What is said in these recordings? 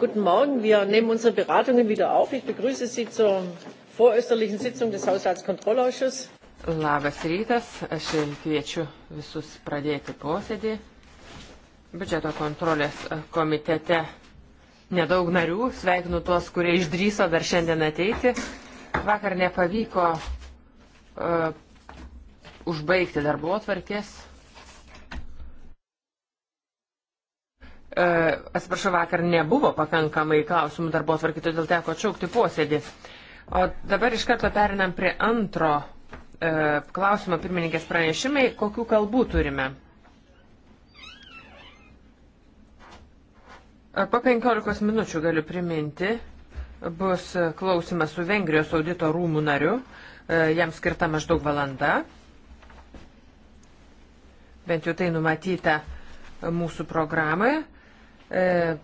Guten Morgen. Wir nehmen unsere Beratungen wieder auf. Ich begrüße Sie zur vorösterlichen Sitzung des Haushaltskontrollausschusses. Labas rytas. Aš kviečiu visus pradėti posėdį. Biudžeto kontrolės komitete nedaug narių. Sveikinu tuos, kurie išdryso dar šiandien ateiti. Vakar nepavyko uh, užbaigti darbo atvarkės E, atsiprašau, vakar nebuvo pakankamai klausimų darbo tvarkyti, todėl teko atšaukti posėdį. O dabar iš karto perinam prie antro e, klausimo pirmininkės pranešimai, kokių kalbų turime. E, po 15 minučių galiu priminti, bus klausimas su Vengrijos audito rūmų nariu, e, jam skirta maždaug valanda, bent jau tai numatyta mūsų programoje. E,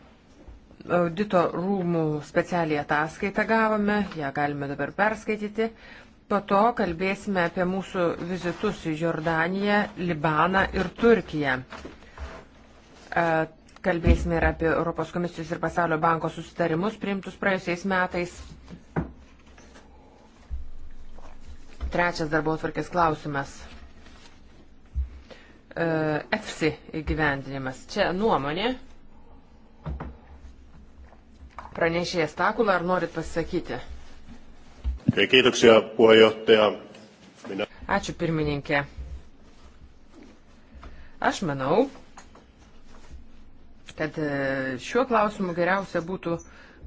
audito rūmų specialiai ataskaitą gavome, ją galime dabar perskaityti. Po to kalbėsime apie mūsų vizitus į Jordaniją, Libaną ir Turkiją. E, kalbėsime ir apie Europos komisijos ir pasaulio banko susitarimus priimtus praėjusiais metais. Trečias darbo atvarkės klausimas. EFSI įgyvendinimas. Čia nuomonė Pranešėjas Takula, ar norit pasakyti? Kiitoksia, puheenjohtaja. Minä... Ačiū pirmininkė. Aš manau, kad e, šiuo klausimu geriausia būtų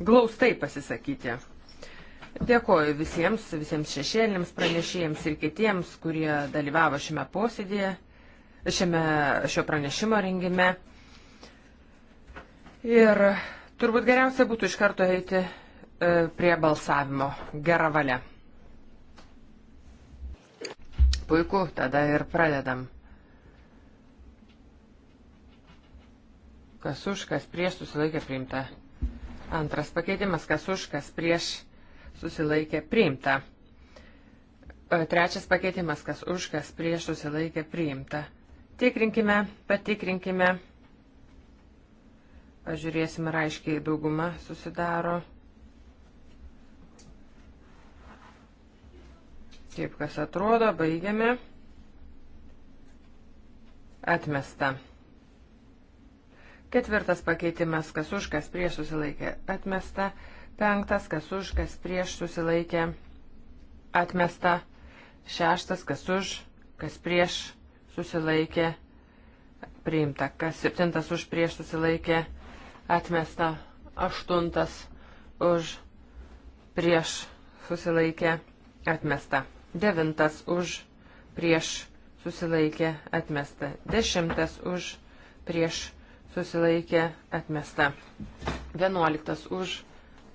glaustai pasisakyti. Dėkoju visiems, visiems šešėlėms pranešėjams ir kitiems, kurie dalyvavo šiame posėdėje, šiame šio pranešimo rengime. Ir turbūt geriausia būtų iš karto eiti e, prie balsavimo. Gerą valią. Puiku, tada ir pradedam. Kas už, kas prieš susilaikė priimta. Antras pakeitimas, kas už, kas prieš susilaikė priimta. E, trečias pakeitimas, kas už, kas prieš susilaikė priimta. Tikrinkime, patikrinkime. Pažiūrėsim, ar aiškiai dauguma susidaro. Kaip kas atrodo, baigiame. Atmesta. Ketvirtas pakeitimas, kas už, kas prieš susilaikė. Atmesta. Penktas, kas už, kas prieš susilaikė. Atmesta. Šeštas, kas už, kas prieš susilaikė. Priimta. Kas septintas už prieš susilaikė. Atmesta atmesta, aštuntas už prieš susilaikė atmesta, devintas už prieš susilaikė atmesta, dešimtas už prieš susilaikė atmesta, vienuoliktas už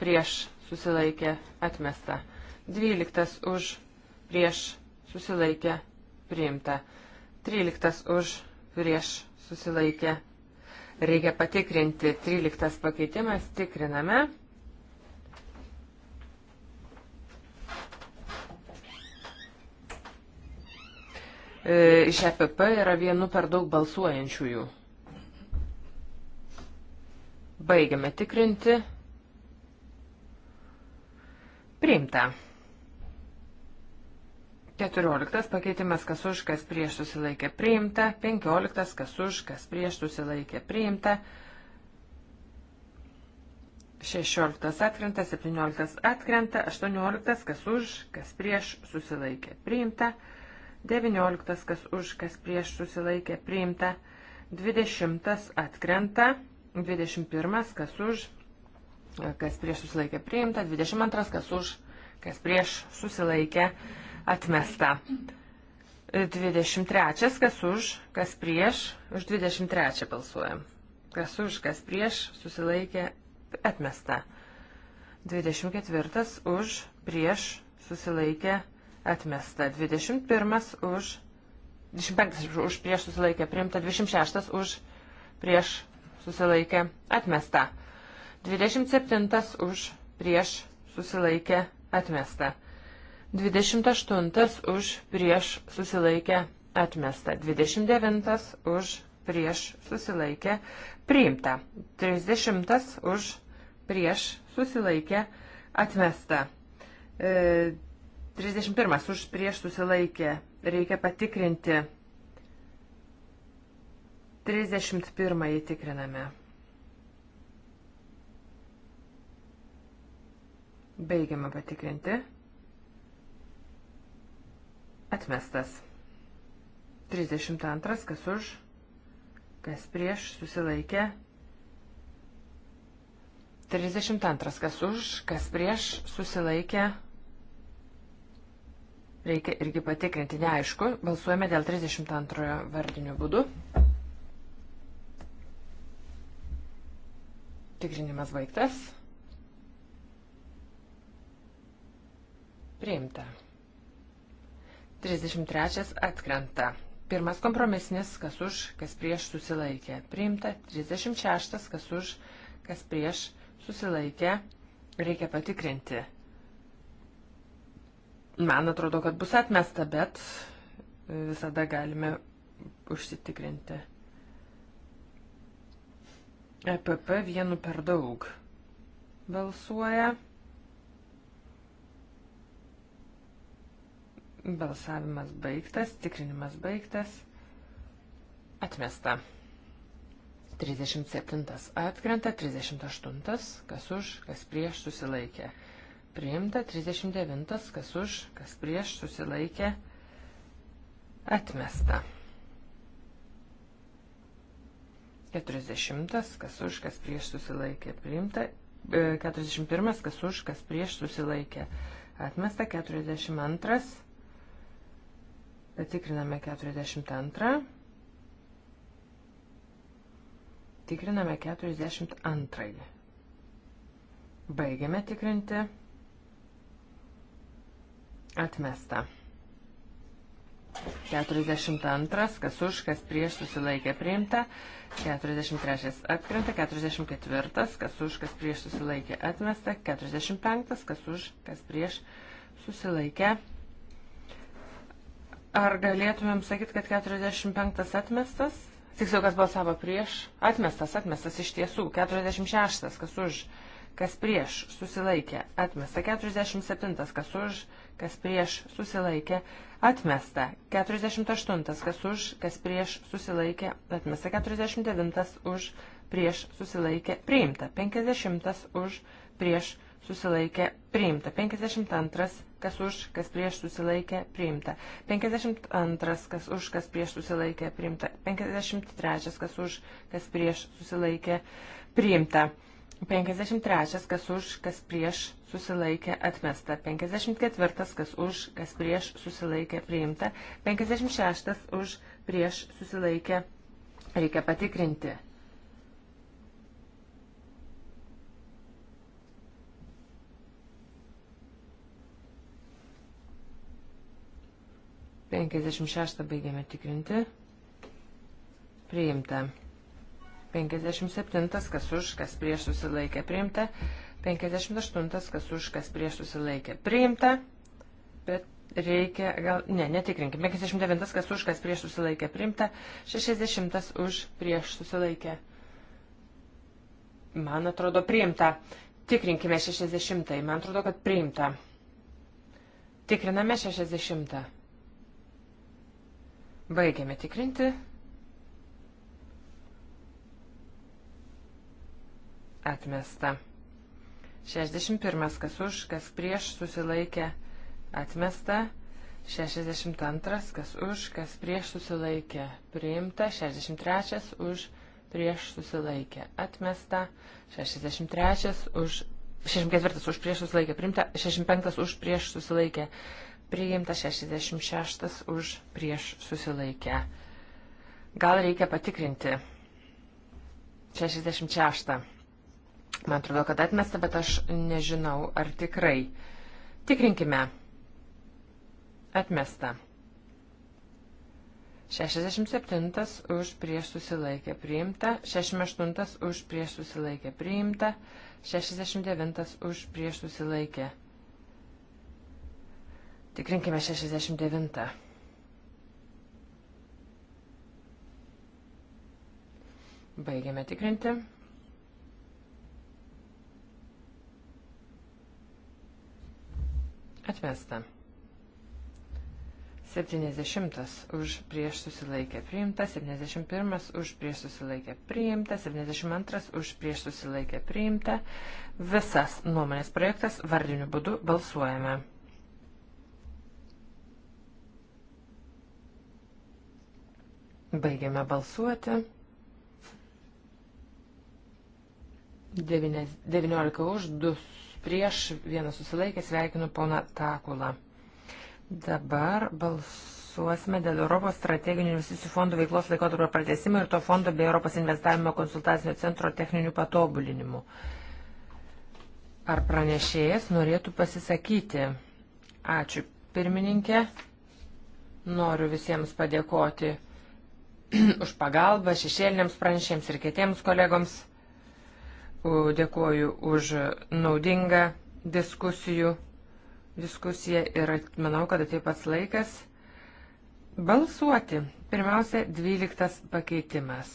prieš susilaikė atmesta, dvyliktas už prieš susilaikė priimta, tryliktas už prieš susilaikė Reikia patikrinti 13 pakeitimas, tikriname. E, iš EPP yra vienu per daug balsuojančiųjų. Baigiame tikrinti. Priimta. 14 pakeitimas kas už, kas prieš susilaikė priimta, 15 kas už, kas prieš susilaikė priimta, 16 atkrenta, 17 atkrenta, 18 kas už, kas prieš susilaikė priimta, 19 kas už, kas prieš susilaikė priimta, 20 atkrenta, 21 kas už, kas prieš susilaikė priimta, 22 kas už, kas prieš susilaikė priimta atmesta. 23. Kas už, kas prieš, už 23 balsuojam. Kas už, kas prieš, susilaikė, atmesta. 24. Už, prieš, susilaikė, atmesta. 21. Už, 25. Už, prieš, susilaikė, priimta. 26. Už, prieš, susilaikė, atmesta. 27. Už, prieš, susilaikė, atmesta. 28 už prieš susilaikę atmesta, 29 už prieš susilaikę priimta, 30 už prieš susilaikę atmesta, e, 31 už prieš susilaikę reikia patikrinti, 31 tikriname. Baigiame patikrinti. Atmestas. 32. Kas už, kas prieš, susilaikė. 32. Kas už, kas prieš, susilaikė. Reikia irgi patikrinti, neaišku. Balsuojame dėl 32 vardinių būdų. Tikrinimas baigtas. Priimta. 33 atkrenta. Pirmas kompromisinis, kas už, kas prieš susilaikė. Priimta 36, kas už, kas prieš susilaikė. Reikia patikrinti. Man atrodo, kad bus atmesta, bet visada galime užsitikrinti. EPP vienu per daug balsuoja. Balsavimas baigtas, tikrinimas baigtas, atmesta. 37 atkrenta, 38 kas už, kas prieš susilaikė. Priimta 39 kas už, kas prieš susilaikė, atmesta. 40 kas už, kas prieš susilaikė, priimta 41 e, kas už, kas prieš susilaikė, atmesta 42 Tikriname 42. Tikriname 42. Baigiame tikrinti. Atmesta. 42. Kas už, kas prieš susilaikė priimta. 43. Atkrinta. 44. Kas už, kas prieš susilaikė atmesta. 45. Kas už, kas prieš susilaikė atmesta Ar galėtumėm sakyti, kad 45 atmestas? Tiksliau, kas balsavo prieš? Atmestas, atmestas iš tiesų. 46, kas už, kas prieš, susilaikė. Atmesta. 47, kas už, kas prieš, susilaikė. Atmesta. 48, kas už, kas prieš, susilaikė. Atmesta. 49, už, prieš, susilaikė. Priimta. 50, už, prieš, susilaikė. Priimta. 52 kas už, kas prieš susilaikė, priimta. 52, kas už, kas prieš susilaikė, priimta. 53, kas už, kas prieš susilaikė, priimta. 53, kas už, kas prieš susilaikė, atmesta. 54, kas už, kas prieš susilaikė, priimta. 56, už, prieš susilaikė, reikia patikrinti. 56 baigėme tikrinti. Priimta. 57 kas už, kas prieš susilaikė. Priimta. 58 kas už, kas prieš susilaikė. Priimta. Bet reikia, gal, ne, netikrinkime. 59 kas už, kas prieš susilaikė. Priimta. 60 už, prieš susilaikė. Man atrodo priimta. Tikrinkime 60. Man atrodo, kad priimta. Tikriname 60. Baigiame tikrinti. Atmesta. 61. Kas už, kas prieš susilaikė. Atmesta. 62, kas už, kas prieš susilaikė, priimta, 63 už, prieš susilaikė, atmesta, 63 už, 64 už prieš susilaikė, priimta, 65 už prieš susilaikė, priimta 66 už prieš susilaikę. Gal reikia patikrinti. 66. Man atrodo, kad atmesta, bet aš nežinau, ar tikrai. Tikrinkime. Atmesta. 67 už prieš susilaikę priimta, 68 už prieš susilaikę priimta, 69 už prieš susilaikę priimta. Tikrinkime 69. Baigiame tikrinti. Atmesta. 70 už prieš susilaikę priimta, 71 už prieš susilaikę priimta, 72 už prieš susilaikę priimta. Visas nuomonės projektas vardiniu būdu balsuojame. Baigiame balsuoti. 19 už, 2 prieš, vienas susilaikė, sveikinu poną Takulą. Dabar balsuosime dėl Europos strateginių investicijų fondų veiklos laikotarpio pratesimo ir to fondo bei Europos investavimo konsultacinio centro techninių patobulinimų. Ar pranešėjas norėtų pasisakyti? Ačiū, pirmininkė. Noriu visiems padėkoti už pagalbą šešėliniams pranešėjams ir kitiems kolegoms. Dėkuoju už naudingą diskusijų, diskusiją ir manau, kad taip pats laikas balsuoti. Pirmiausia, 12 pakeitimas.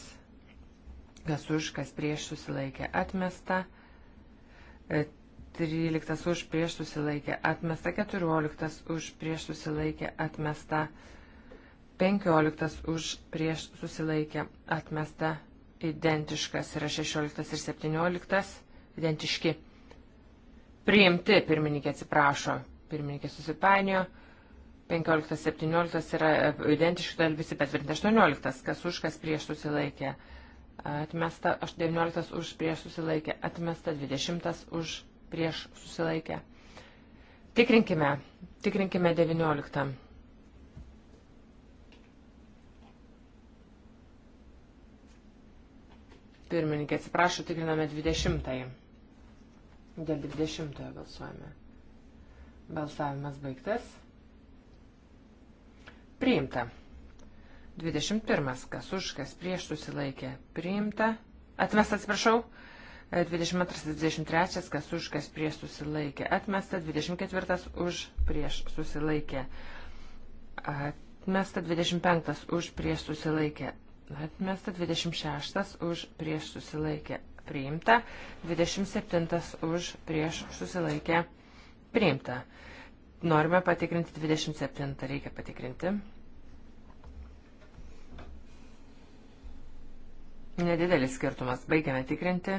Kas už, kas prieš susilaikė atmesta. 13 e, už prieš susilaikė atmesta. 14 už prieš susilaikė atmesta. 15 15 už prieš susilaikę atmesta identiškas yra 16 ir 17 identiški. Priimti, pirmininkė atsiprašo, pirmininkė susipainio. 15-17 yra e, identiški, todėl visi patvirtinti 18, kas už, kas prieš susilaikė. Atmesta 19 už prieš susilaikė, atmesta 20 už prieš susilaikė. Tikrinkime, tikrinkime 19. Pirmininkė, atsiprašau, tikriname 20-ąjį. Dėl 20-ojo balsuojame. Balsavimas baigtas. Priimta. 21. Kas už, kas prieš susilaikė. Priimta. Atmesta, atsiprašau. 22-23. Kas už, kas prieš susilaikė. Atmesta. 24. Už, prieš susilaikė. Atmesta. 25. Už, prieš susilaikė atmesta, 26 už prieš susilaikę priimta, 27 už prieš susilaikę priimta. Norime patikrinti 27, reikia patikrinti. Nedidelis skirtumas, baigiame tikrinti.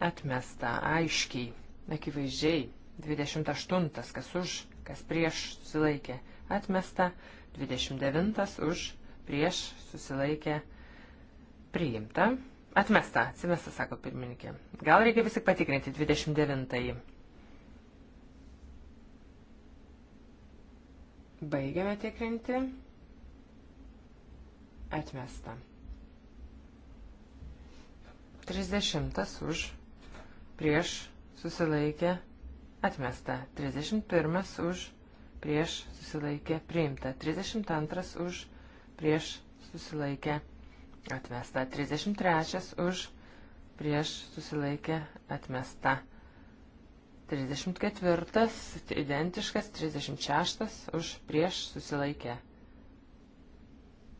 Atmesta, aiškiai, akivaizdžiai, 28, kas už, kas prieš susilaikė, atmesta, 29 už prieš, susilaikė, priimta. Atmesta, atsimesta, sako pirmininkė. Gal reikia vis tik patikrinti 29-ąjį. Baigiame tikrinti. Atmesta. 30 už, prieš, susilaikė, atmesta. 31 už, prieš, susilaikė, priimta. 32 už, prieš prieš susilaikę atmesta. 33 už prieš susilaikę atmesta. 34 identiškas, 36 už prieš susilaikę.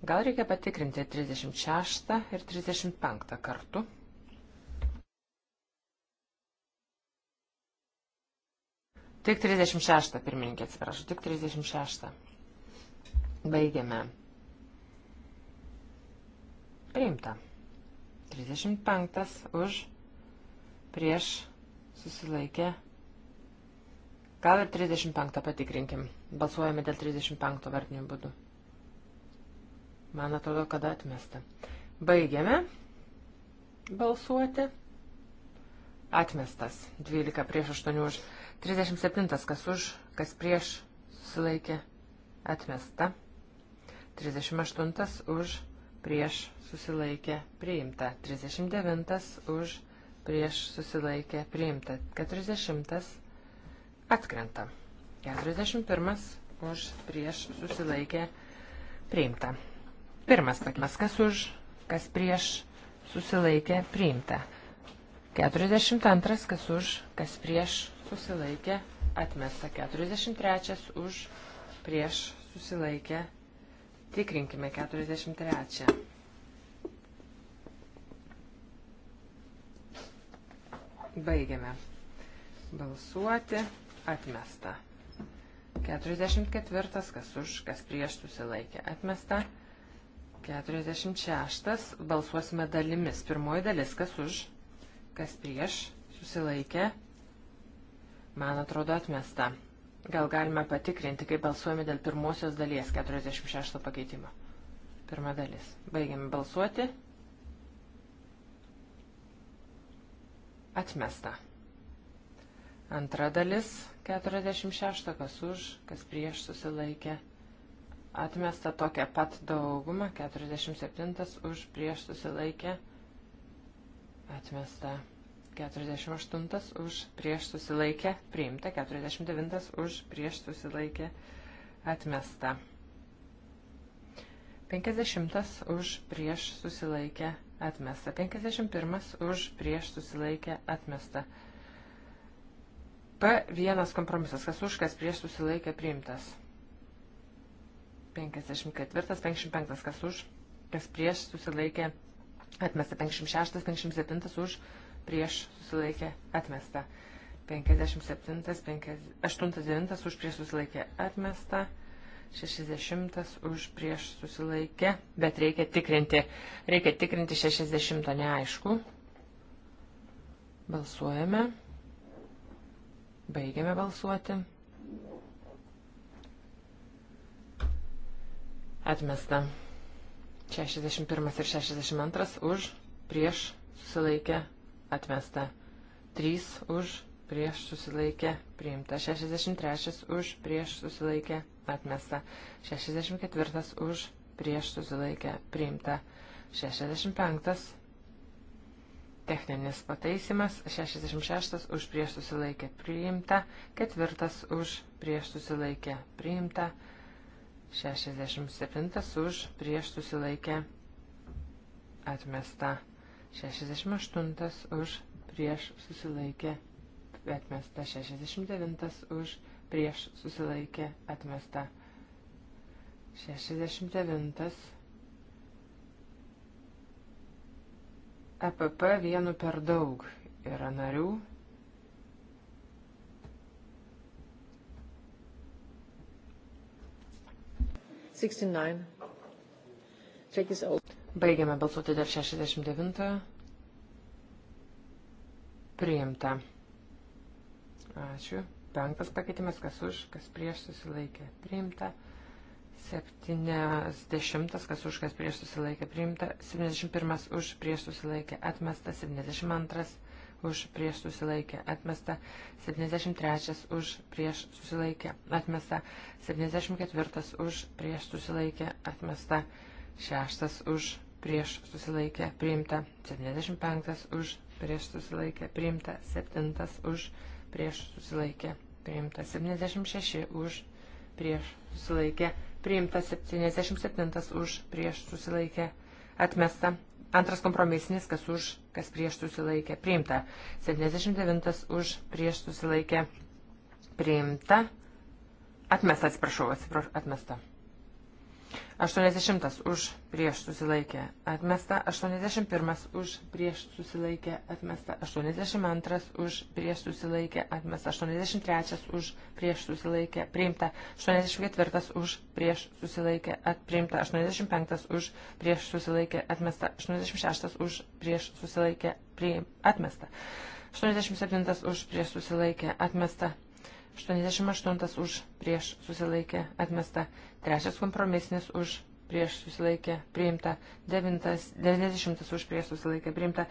Gal reikia patikrinti 36 ir 35 kartu. Tik 36, pirmininkė atsiprašau, tik 36. Baigiame. Priimta. 35 už prieš susilaikė. Gal ir 35 patikrinkim. Balsuojame dėl 35 vardinių būdų. Man atrodo, kad atmesta. Baigiame balsuoti. Atmestas. 12 prieš 8 už. 37 kas už, kas prieš susilaikė. Atmesta. 38 už prieš susilaikė priimta, 39 už prieš susilaikė priimta, 40 atkrenta, 41 už prieš susilaikė priimta. Pirmas paketas, kas už, kas prieš susilaikė priimta. 42, kas už, kas prieš susilaikė atmesta, 43 už prieš susilaikė priimta Tikrinkime 43. Baigiame balsuoti. Atmesta. 44. Kas už, kas prieš susilaikė. Atmesta. 46. Balsuosime dalimis. Pirmoji dalis. Kas už, kas prieš susilaikė. Man atrodo atmesta. Gal galime patikrinti, kaip balsuojame dėl pirmosios dalies 46 pakeitimo. Pirma dalis. Baigiame balsuoti. Atmesta. Antra dalis 46, kas už, kas prieš susilaikė. Atmesta tokia pat dauguma, 47 už prieš susilaikė. Atmesta. 48 už prieš susilaikę priimta, 49 už prieš susilaikę atmesta. 50 už prieš susilaikę atmesta. 51 už prieš susilaikę atmesta. P1 kompromisas, kas už, kas prieš susilaikė priimtas. 54, 55, kas už, kas prieš susilaikė atmesta. 56, 57 už prieš susilaikė atmesta. 57, 89 už prieš susilaikė atmesta. 60 už prieš susilaikė, bet reikia tikrinti, reikia tikrinti 60, neaišku. Balsuojame. Baigiame balsuoti. Atmesta. 61 ir 62 už prieš susilaikė atmesta. 3 už, prieš susilaikę, priimta. 63 už, prieš susilaikę, atmesta. 64 už, prieš susilaikę, priimta. 65 techninis pataisimas, 66 už prieš susilaikę priimta, ketvirtas už prieš susilaikę priimta, 67 už prieš susilaikę atmesta. 68 už prieš susilaikė atmesta, 69 už prieš susilaikė atmesta. 69 EPP vienu per daug yra narių. Sixty nine. Check is open. Baigiame balsuoti dėl 69. Priimta. Ačiū. Penktas pakeitimas, kas už, kas prieš susilaikė. Priimta. 70, kas už, kas prieš susilaikė. Priimta. 71 už, prieš susilaikė. Atmesta. 72 už, prieš susilaikė. Atmesta. 73 už, prieš susilaikė. Atmesta. 74 už, prieš susilaikė. Atmesta. 6 už, prieš susilaikę priimta, 75 už prieš susilaikę priimta, 7 už prieš susilaikę priimta, 76 už prieš susilaikę priimta, 77 už prieš susilaikę atmesta, antras kompromisinis, kas už, kas prieš susilaikę priimta, 79 už prieš susilaikę priimta, atmesta, atsiprašau, atsiprašau, atmesta. 80 už prieš susilaikę atmesta, 81 už prieš susilaikę atmesta, 82 už prieš susilaikę atmesta, 83 už prieš susilaikę priimta, 84 už prieš susilaikę atprimta, 85 už prieš susilaikę atmesta, 86 už prieš susilaikę atmesta, 87 už prieš susilaikę atmesta. 88 už prieš susilaikė atmesta, trečias kompromisinis už prieš susilaikė priimta, 9, 90 už prieš susilaikė priimta,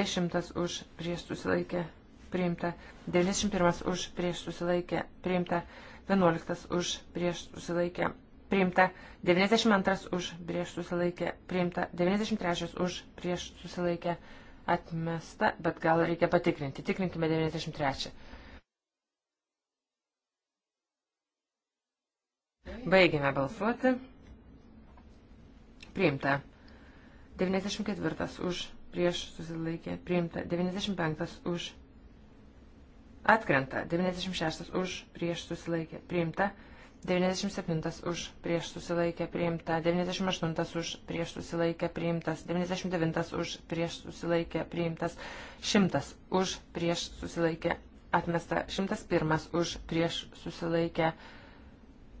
10 už prieš susilaikė priimta, 91 už prieš susilaikė priimta, 11 už prieš susilaikė priimta, 92 už prieš susilaikė priimta, 93 už prieš susilaikė atmesta, bet gal reikia patikrinti. Tikrinkime 93. Baigėme balsuoti. Priimta. 94 už prieš susilaikė. Priimta. 95 už. Atkrenta. 96 už prieš susilaikė. Priimta. 97 už prieš susilaikę priimta, 98 už prieš susilaikę priimtas, 99 už prieš susilaikę priimtas, 100 už prieš susilaikę atmesta, 101 už prieš susilaikę priimtas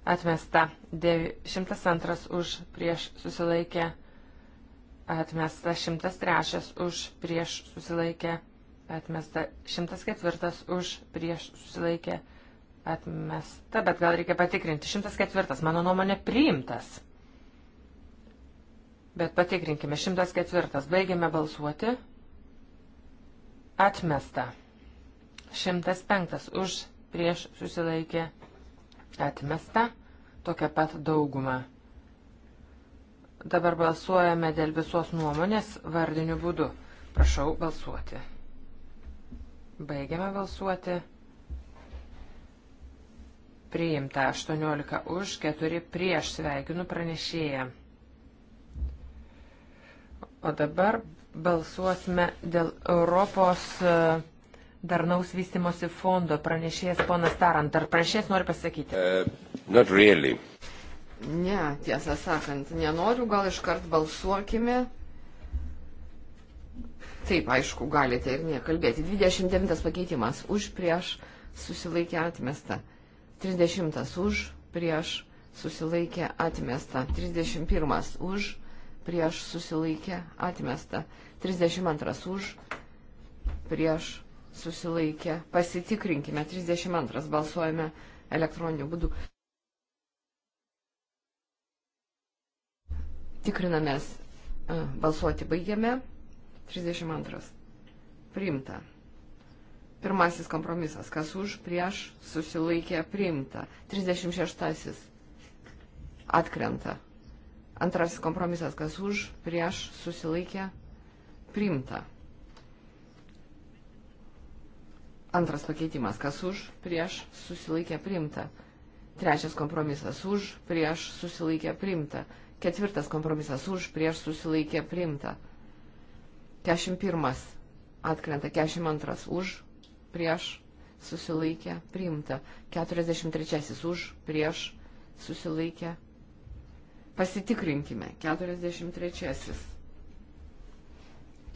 atmesta, 102 už prieš susilaikę, atmesta 103 už prieš susilaikę, atmesta 104 už prieš susilaikę, atmesta, bet gal reikia patikrinti, 104 mano nuomonė priimtas. Bet patikrinkime, 104 baigiame balsuoti, atmesta, 105 už prieš susilaikę, atmesta Atmesta tokia pat dauguma. Dabar balsuojame dėl visos nuomonės vardiniu būdu. Prašau balsuoti. Baigiame balsuoti. Priimta 18 už, 4 prieš sveikinu pranešėją. O dabar balsuosime dėl Europos. Uh, Darnaus vystimosi fondo pranešėjas ponas Tarant. Ar pranešėjas nori pasakyti? Uh, really. Ne, tiesą sakant, nenoriu, gal iškart balsuokime. Taip, aišku, galite ir nekalbėti. 29 pakeitimas už prieš susilaikė atmestą. 30 už prieš susilaikė atmestą. 31 už prieš susilaikė atmestą. 32 už prieš susilaikė. Pasitikrinkime. 32 balsuojame elektroniniu būdu. Tikrinamės. Balsuoti baigiame. 32. Priimta. Pirmasis kompromisas. Kas už, prieš, susilaikė, priimta. 36. Atkrenta. Antrasis kompromisas. Kas už, prieš, susilaikė, priimta. Antras pakeitimas, kas už, prieš, susilaikė priimta. Trečias kompromisas už, prieš, susilaikė priimta. Ketvirtas kompromisas už, prieš, susilaikė priimta. 41. Atkrenta 42. Už, prieš, susilaikė priimta. 43. Už, prieš, susilaikė. Pasitikrinkime. 43.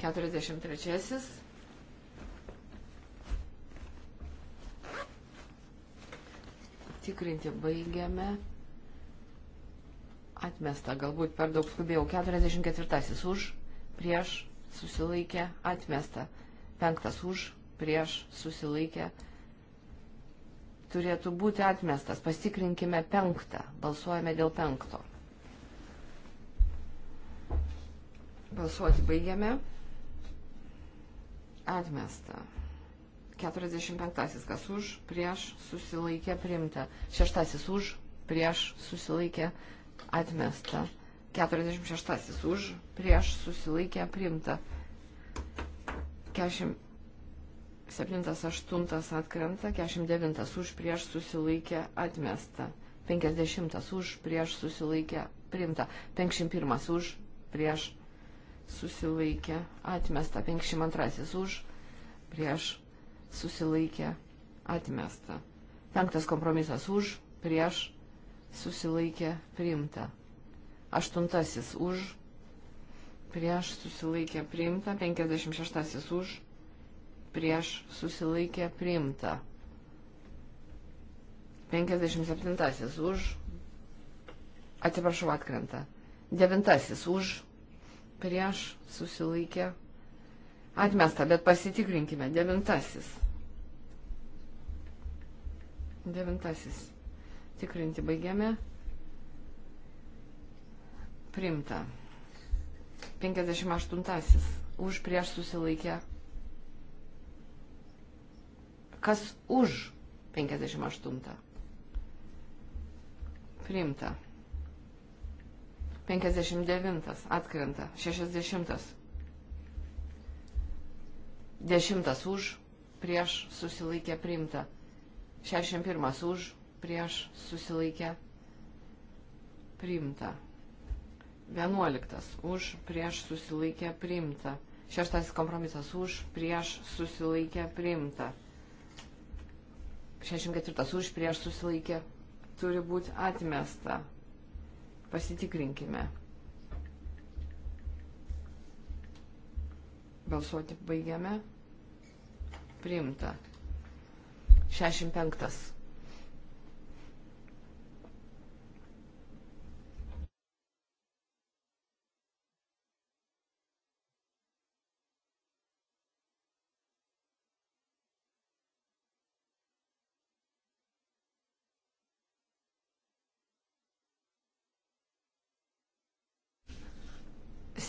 43. tikrinti baigiame. Atmesta, galbūt per daug skubėjau. 44 už, prieš, susilaikė, atmesta. 5 už, prieš, susilaikė. Turėtų būti atmestas. Pasitikrinkime penktą. Balsuojame dėl penkto. Balsuoti baigiame. Atmesta. 45. Kas už, prieš, susilaikė, primta. 6. Už, prieš, susilaikė, atmesta. 46. Už, prieš, susilaikė, primta. 47. 8. Atkrenta. 49. Už, prieš, susilaikė, atmesta. 50. Už, prieš, susilaikė, primta. 51. Už, prieš, susilaikė, atmesta. 52. Už, prieš, susilaikė, atmesta. Penktas kompromisas už, prieš, susilaikė, priimta. Aštuntasis už, prieš, susilaikė, priimta. Penkiasdešimt šeštasis už, prieš, susilaikė, priimta. 57 už, atsiprašau, atkrenta. 9 už, prieš, susilaikė, priimta Atmesta, bet pasitikrinkime. Devintasis. Devintasis. Tikrinti baigiame. Primta. 58. Už prieš susilaikę. Kas už 58? Primta. 59. Atkrenta. 60 Dešimtas už, prieš susilaikė priimta. 61 už, prieš susilaikė priimta. 11 už, prieš susilaikė priimta. Šeštasis kompromisas už, prieš susilaikė priimta. 64 už, prieš susilaikė turi būti atmesta. Pasitikrinkime. Balsuoti baigiame. Priimta. 65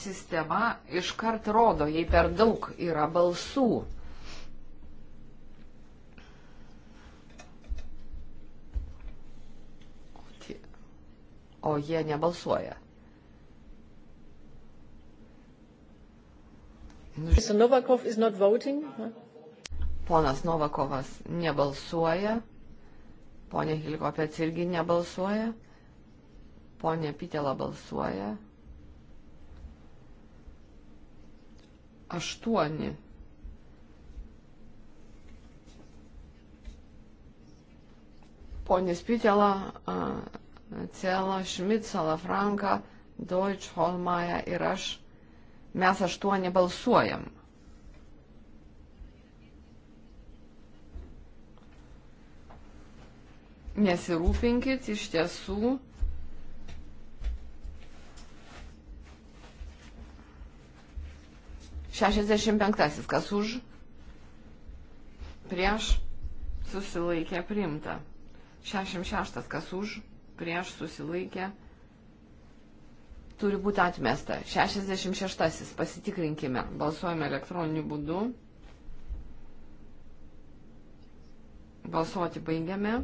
sistema iškart rodo, jei per daug yra balsų. O jie nebalsuoja. Nu, Mr. Novakov is not voting. Ponas Novakovas nebalsuoja. Ponė Hilkopets irgi nebalsuoja. Ponė Pitela balsuoja. 8. Pone Spitela, Cela, Šmit, Salafranka, Deutsch, Holmaja ir aš, mes aštuoni balsuojam. Nesirūpinkit, iš tiesų 65. Kas už? Prieš susilaikė priimta. 66. Kas už? Prieš susilaikė. Turi būti atmesta. 66. Pasitikrinkime. Balsuojame elektroniniu būdu. Balsuoti baigiame.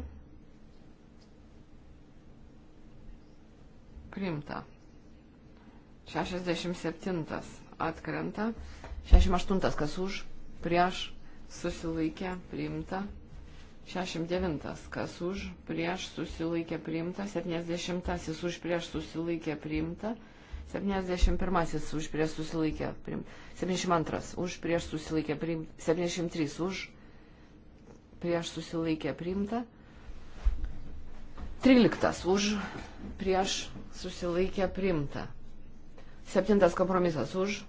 Primta. 67 atkrenta. 68 kas už, prieš susilaikė priimta. 69 kas už, prieš susilaikė priimta. 70 už, prieš susilaikė priimta. 71 už prieš susilaikė priimta. 72 už prieš susilaikė priimta. 73 už prieš susilaikė priimta. 13 už prieš susilaikė priimta. 7 kompromisas už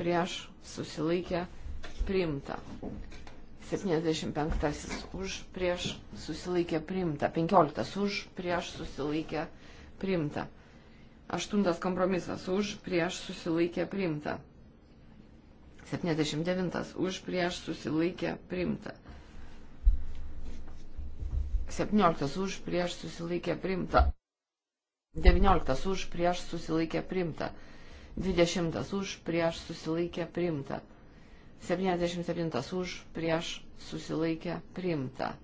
prieš susilaikę priimta. 75 už prieš susilaikę priimta. 15 už prieš susilaikę priimta. 8 kompromisas už prieš susilaikę priimta. 79 už prieš susilaikę priimta. 17 už prieš susilaikę priimta. 19 už prieš susilaikę priimta. 20 už, prieš susilaikė priimta. 77 už, prieš susilaikė priimta.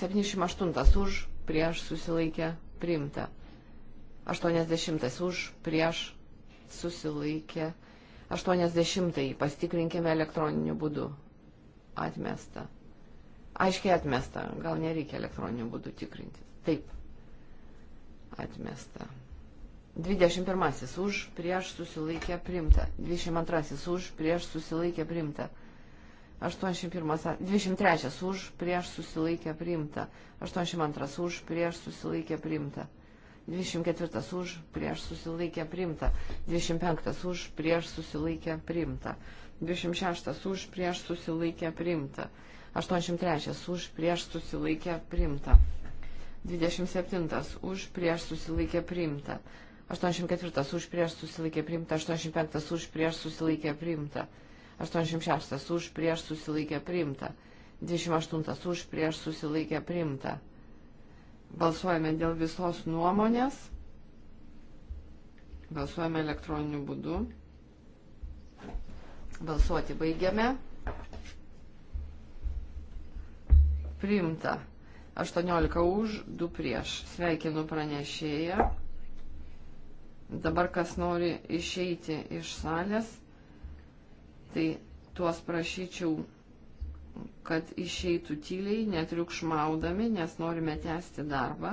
78 už, prieš susilaikė priimta. 80 už, prieš susilaikė. 80 pastikrinkime elektroniniu būdu. Atmesta. Aiškiai atmesta. Gal nereikia elektroniniu būdu tikrinti. Taip. Atmesta. 21 už, prieš susilaikė primta. 22 už, prieš susilaikė primta. 81, 23 už, prieš susilaikė primta. 82 už, prieš susilaikė primta. 24 už, prieš susilaikė primta. 25 už, prieš susilaikė primta. 26 už, prieš susilaikė primta. 83 už, prieš susilaikė primta. 27 už, prieš susilaikė primta. 84 už prieš susilaikė priimta, 85 už prieš susilaikė priimta, 86 už prieš susilaikė priimta, 28 už prieš susilaikė priimta. Balsuojame dėl visos nuomonės. Balsuojame elektroniniu būdu. Balsuoti baigiame. Priimta. 18 už, 2 prieš. Sveikinu pranešėją dabar kas nori išeiti iš salės, tai tuos prašyčiau, kad išeitų tyliai, netriukšmaudami, nes norime tęsti darbą.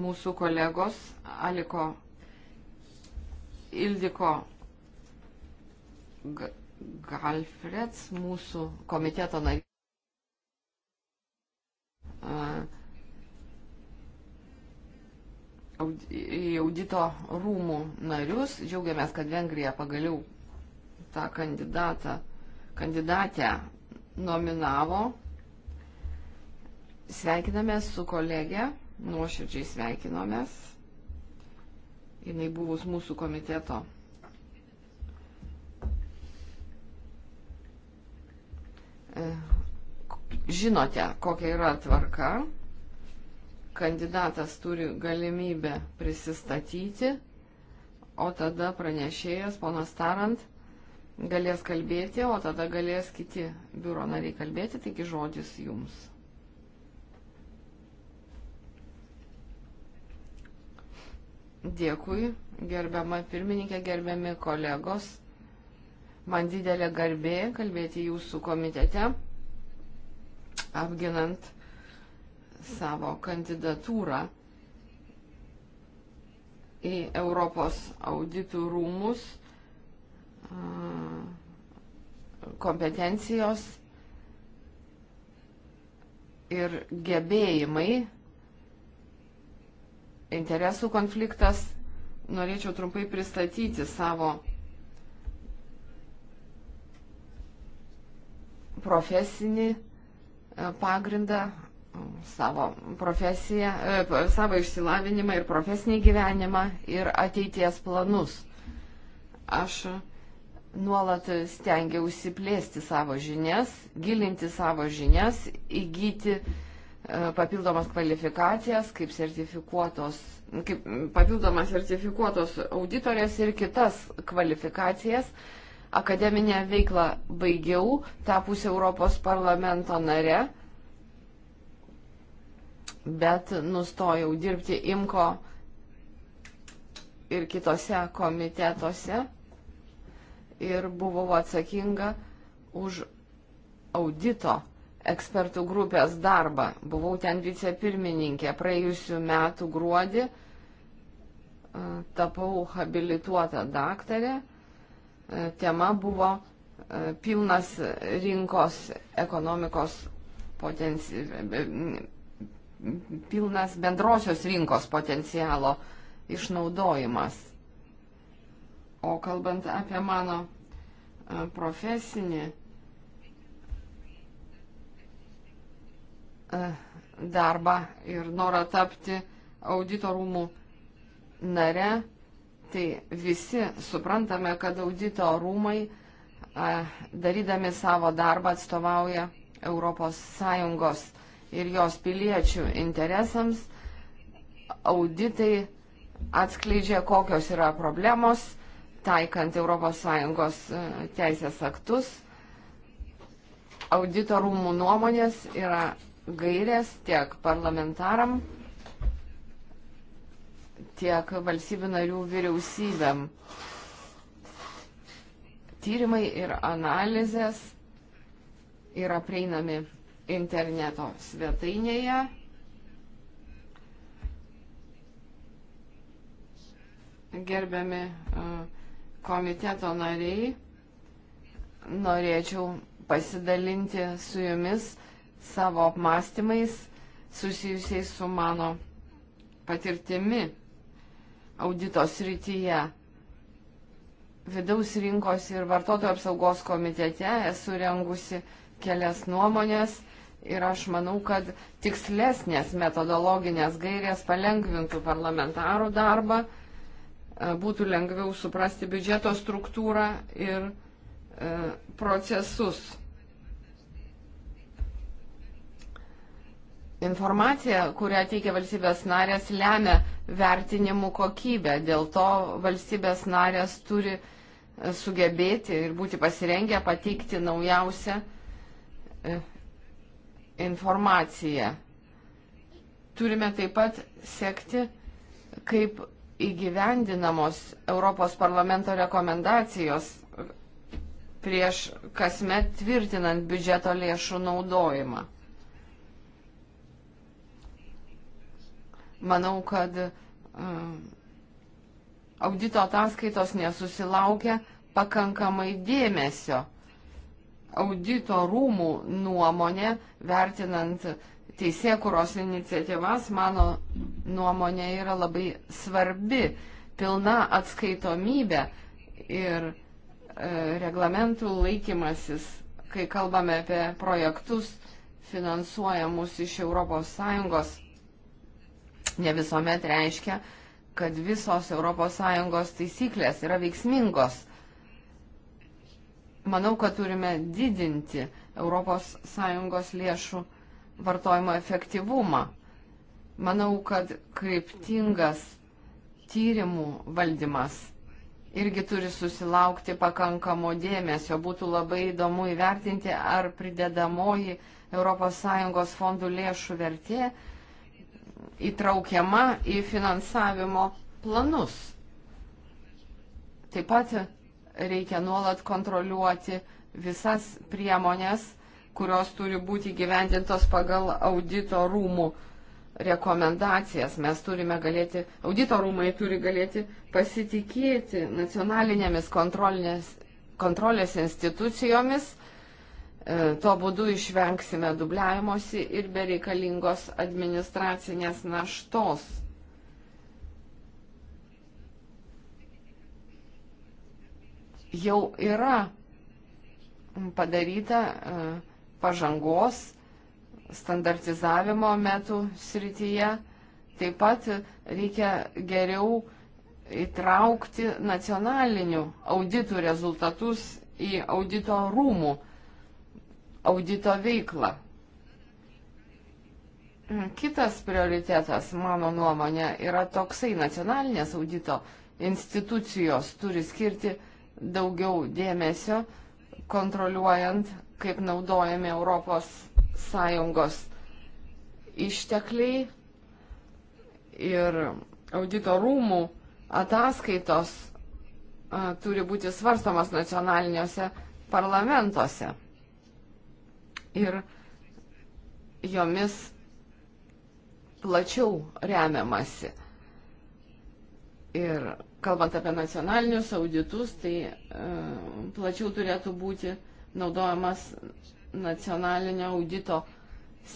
Mūsų kolegos Aliko Ildiko Galfreds, mūsų komiteto narys į audito rūmų narius. Džiaugiamės, kad Vengrija pagaliau tą kandidatą, kandidatę nominavo. Sveikinamės su kolegė, nuoširdžiai sveikinomės. Jinai buvus mūsų komiteto e, žinote, kokia yra tvarka kandidatas turi galimybę prisistatyti, o tada pranešėjas, ponas Tarant, galės kalbėti, o tada galės kiti biuro nariai kalbėti, taigi žodis jums. Dėkui, gerbiama pirmininkė, gerbiami kolegos. Man didelė garbė kalbėti jūsų komitete, apginant savo kandidatūrą į Europos auditų rūmus kompetencijos ir gebėjimai, interesų konfliktas, norėčiau trumpai pristatyti savo profesinį pagrindą, savo profesiją, e, savo išsilavinimą ir profesinį gyvenimą ir ateities planus. Aš nuolat stengiausi plėsti savo žinias, gilinti savo žinias, įgyti e, papildomas kvalifikacijas, kaip sertifikuotos, kaip papildomas sertifikuotos auditorės ir kitas kvalifikacijas. Akademinę veiklą baigiau, tapus Europos parlamento nare bet nustojau dirbti IMKO ir kitose komitetuose ir buvau atsakinga už audito ekspertų grupės darbą. Buvau ten vicepirmininkė praėjusiu metu gruodį, e, tapau habilituota daktarė. E, tema buvo e, pilnas rinkos ekonomikos potenci pilnas bendrosios rinkos potencialo išnaudojimas. O kalbant apie mano e, profesinį e, darbą ir norą tapti auditorumų nare, tai visi suprantame, kad auditorumai e, darydami savo darbą atstovauja ES ir jos piliečių interesams. Auditai atskleidžia, kokios yra problemos, taikant ES e, teisės aktus. Auditorumų nuomonės yra gairės tiek parlamentaram, tiek valstybių narių vyriausybėm. Tyrimai ir analizės yra prieinami interneto svetainėje. Gerbiami e, komiteto nariai, norėčiau pasidalinti su jumis savo apmąstymais susijusiais su mano patirtimi audito srityje. Vidaus rinkos ir vartotojų apsaugos komitete esu rengusi kelias nuomonės Ir aš manau, kad tikslesnės metodologinės gairės palengvintų parlamentarų darbą, e, būtų lengviau suprasti biudžeto struktūrą ir e, procesus. Informacija, kurią teikia valstybės narės, lemia vertinimų kokybę. Dėl to valstybės narės turi e, sugebėti ir būti pasirengę pateikti naujausią informaciją. Turime taip pat sekti, kaip įgyvendinamos Europos parlamento rekomendacijos prieš kasmet tvirtinant biudžeto lėšų naudojimą. Manau, kad um, audito ataskaitos nesusilaukia pakankamai dėmesio audito rūmų nuomonė, vertinant teisėkuros iniciatyvas, mano nuomonė yra labai svarbi, pilna atskaitomybė ir e, reglamentų laikymasis, kai kalbame apie projektus finansuojamus iš ES, ne visuomet reiškia, kad visos ES taisyklės yra veiksmingos manau, kad turime didinti ES lėšų vartojimo efektyvumą. Manau, kad kryptingas tyrimų valdymas irgi turi susilaukti pakankamo dėmesio. Būtų labai įdomu įvertinti, ar pridedamoji ES fondų lėšų vertė įtraukiama į finansavimo planus. Taip pat reikia nuolat kontroliuoti visas priemonės, kurios turi būti gyvendintos pagal audito rūmų rekomendacijas. Mes turime galėti, audito rūmai turi galėti pasitikėti nacionalinėmis kontrolės institucijomis. E, tuo būdu išvengsime dubliavimosi ir bereikalingos administracinės naštos. jau yra padaryta e, pažangos standartizavimo metų srityje. Taip pat reikia geriau įtraukti nacionalinių auditų rezultatus į audito rūmų, audito veiklą. Kitas prioritetas, mano nuomonė, yra toksai nacionalinės audito institucijos turi skirti uh, daugiau dėmesio, kontroliuojant, kaip naudojami Europos Sąjungos ištekliai ir auditorumų ataskaitos a, turi būti svarstamas nacionaliniuose parlamentuose. Ir jomis plačiau remiamasi. Ir kalbant apie nacionalinius auditus, tai e, plačiau turėtų būti naudojamas nacionalinio audito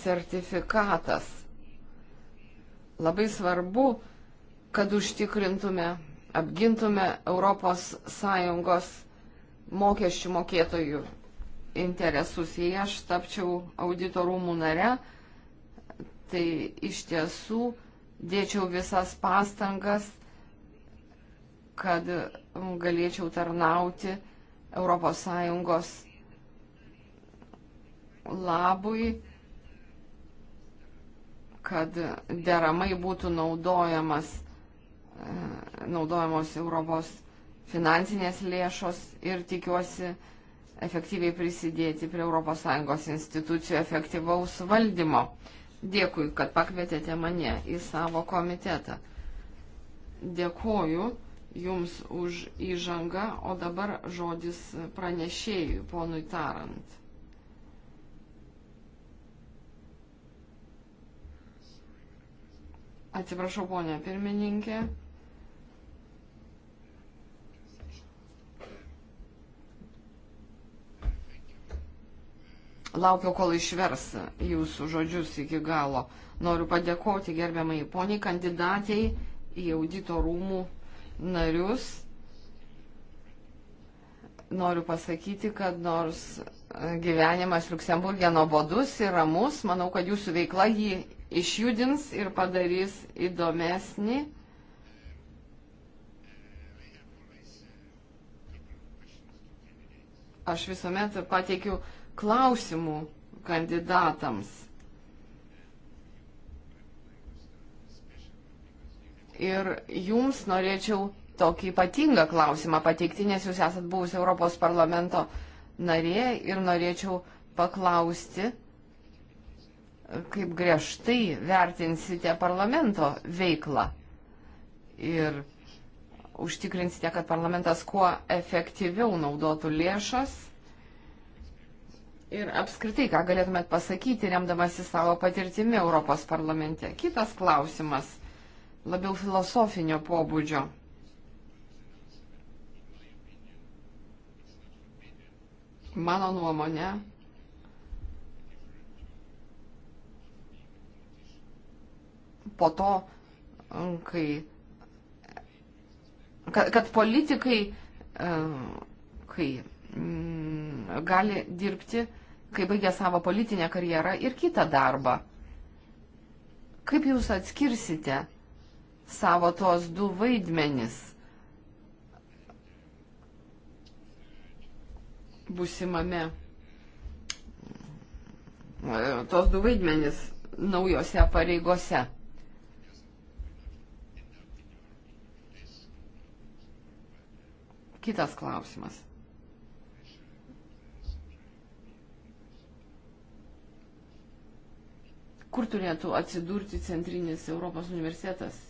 sertifikatas. Labai svarbu, kad užtikrintume, apgintume ES mokesčių mokėtojų interesus. Jei aš tapčiau auditorumų nare, tai iš tiesų dėčiau visas pastangas kad galėčiau tarnauti ES labui, kad deramai būtų naudojamas, e, naudojamos Europos finansinės lėšos ir tikiuosi efektyviai prisidėti prie ES institucijų efektyvaus valdymo. Dėkui, kad pakvietėte mane į savo komitetą. Dėkuoju. Jums už įžangą, o dabar žodis pranešėjui, ponui Tarant. Atsiprašau, ponė pirmininkė. Laukiu, kol išvers jūsų žodžius iki galo. Noriu padėkoti gerbiamai poniai kandidatiai į audito rūmų narius, noriu pasakyti, kad nors gyvenimas Luksemburgė nuobodus ir ramus, manau, kad jūsų veikla jį išjudins ir padarys įdomesnį. Aš visuomet pateikiu klausimų kandidatams. Ir jums norėčiau tokį ypatingą klausimą pateikti, nes jūs esat buvusi Europos parlamento narė ir norėčiau paklausti, kaip griežtai vertinsite parlamento veiklą ir užtikrinsite, kad parlamentas kuo efektyviau naudotų lėšas ir apskritai, ką galėtumėt pasakyti, remdamasi savo patirtimi Europos parlamente. Kitas klausimas labiau filosofinio pobūdžio. Mano nuomonė, po to, kai, kad, kad politikai, e, kai mm, gali dirbti, kai baigia savo politinę karjerą ir kitą darbą. Kaip jūs atskirsite savo tuos du vaidmenis. Būsimame e, tos du vaidmenis naujose pareigose. Kitas klausimas. Kur turėtų atsidurti Centrinis Europos universitetas?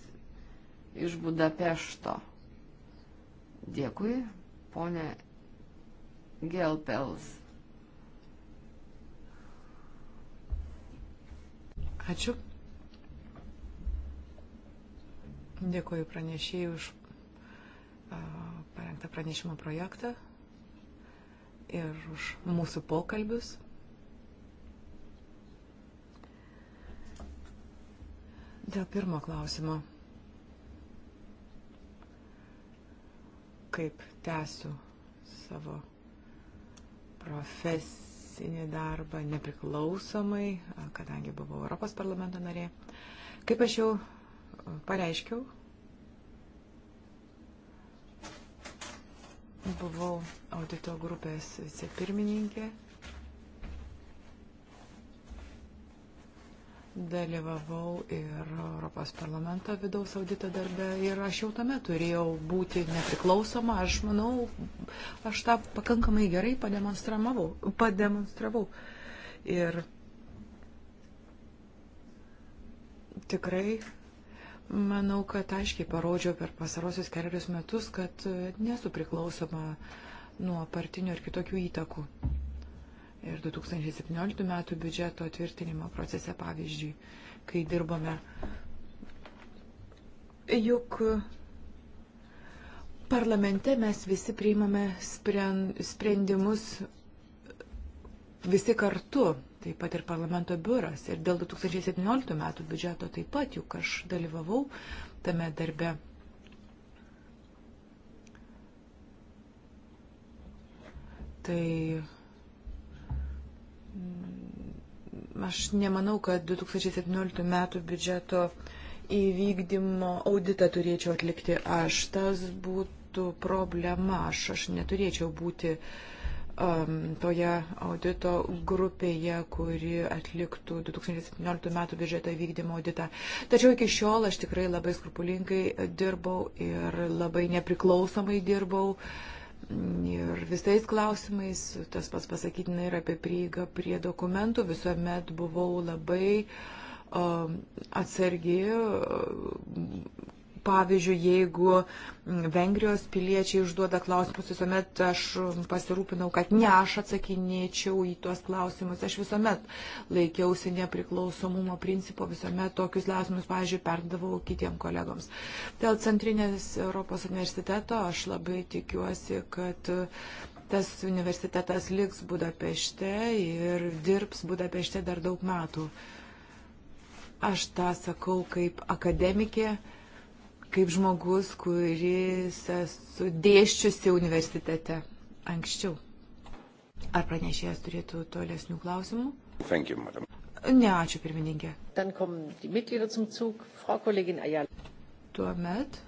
iš Budapešto. Dėkui, ponė Gelpels. Ačiū. Dėkuoju pranešėjai už parengtą pranešimo projektą ir už mūsų pokalbius. Dėl pirmo klausimo. kaip tęsiu savo profesinį darbą nepriklausomai, kadangi buvau Europos parlamento narė. Kaip aš jau e, pareiškiau, buvau audito grupės vicepirmininkė. pirmininkė dalyvavau ir Europos parlamento vidaus audito darbe ir aš jau tame turėjau būti nepriklausoma. Aš manau, aš tą pakankamai gerai pademonstravau. pademonstravau. Ir tikrai manau, kad aiškiai parodžiau per pasarosius keliarius metus, kad nesu priklausoma nuo partinių ir kitokių įtakų ir 2017 metų biudžeto tvirtinimo procese, pavyzdžiui, kai dirbome. Juk parlamente mes visi priimame sprendimus visi kartu, taip pat ir parlamento biuras. Ir dėl 2017 metų biudžeto taip pat, juk aš dalyvavau tame darbe. Tai Mm, aš nemanau, kad 2017 metų biudžeto įvykdymo auditą turėčiau atlikti aš. Tas būtų problema. Aš, aš neturėčiau būti um, toje audito grupėje, kuri atliktų 2017 metų biudžeto įvykdymo auditą. Tačiau iki šiol aš tikrai labai skrupulingai dirbau ir labai nepriklausomai dirbau. Uh, Ir visais klausimais, tas pats pasakytina ir apie prieigą prie dokumentų, visuomet buvau labai um, atsargi, Pavyzdžiui, jeigu mm, Vengrijos piliečiai užduoda klausimus, tai visuomet aš mm, pasirūpinau, kad ne aš atsakinėčiau į tuos klausimus. Aš visuomet laikiausi nepriklausomumo principo, visuomet tokius klausimus, pavyzdžiui, perdavau kitiem kolegoms. Dėl Centrinės Europos universiteto aš labai tikiuosi, kad mm, tas universitetas liks Budapešte ir dirbs Budapešte dar daug metų. Aš tą sakau kaip akademikė kaip žmogus, kuris esu dėščiusi universitete anksčiau. Ar pranešėjas turėtų tolesnių klausimų? Thank you, madam. Ne, ačiū pirmininkė. Tuomet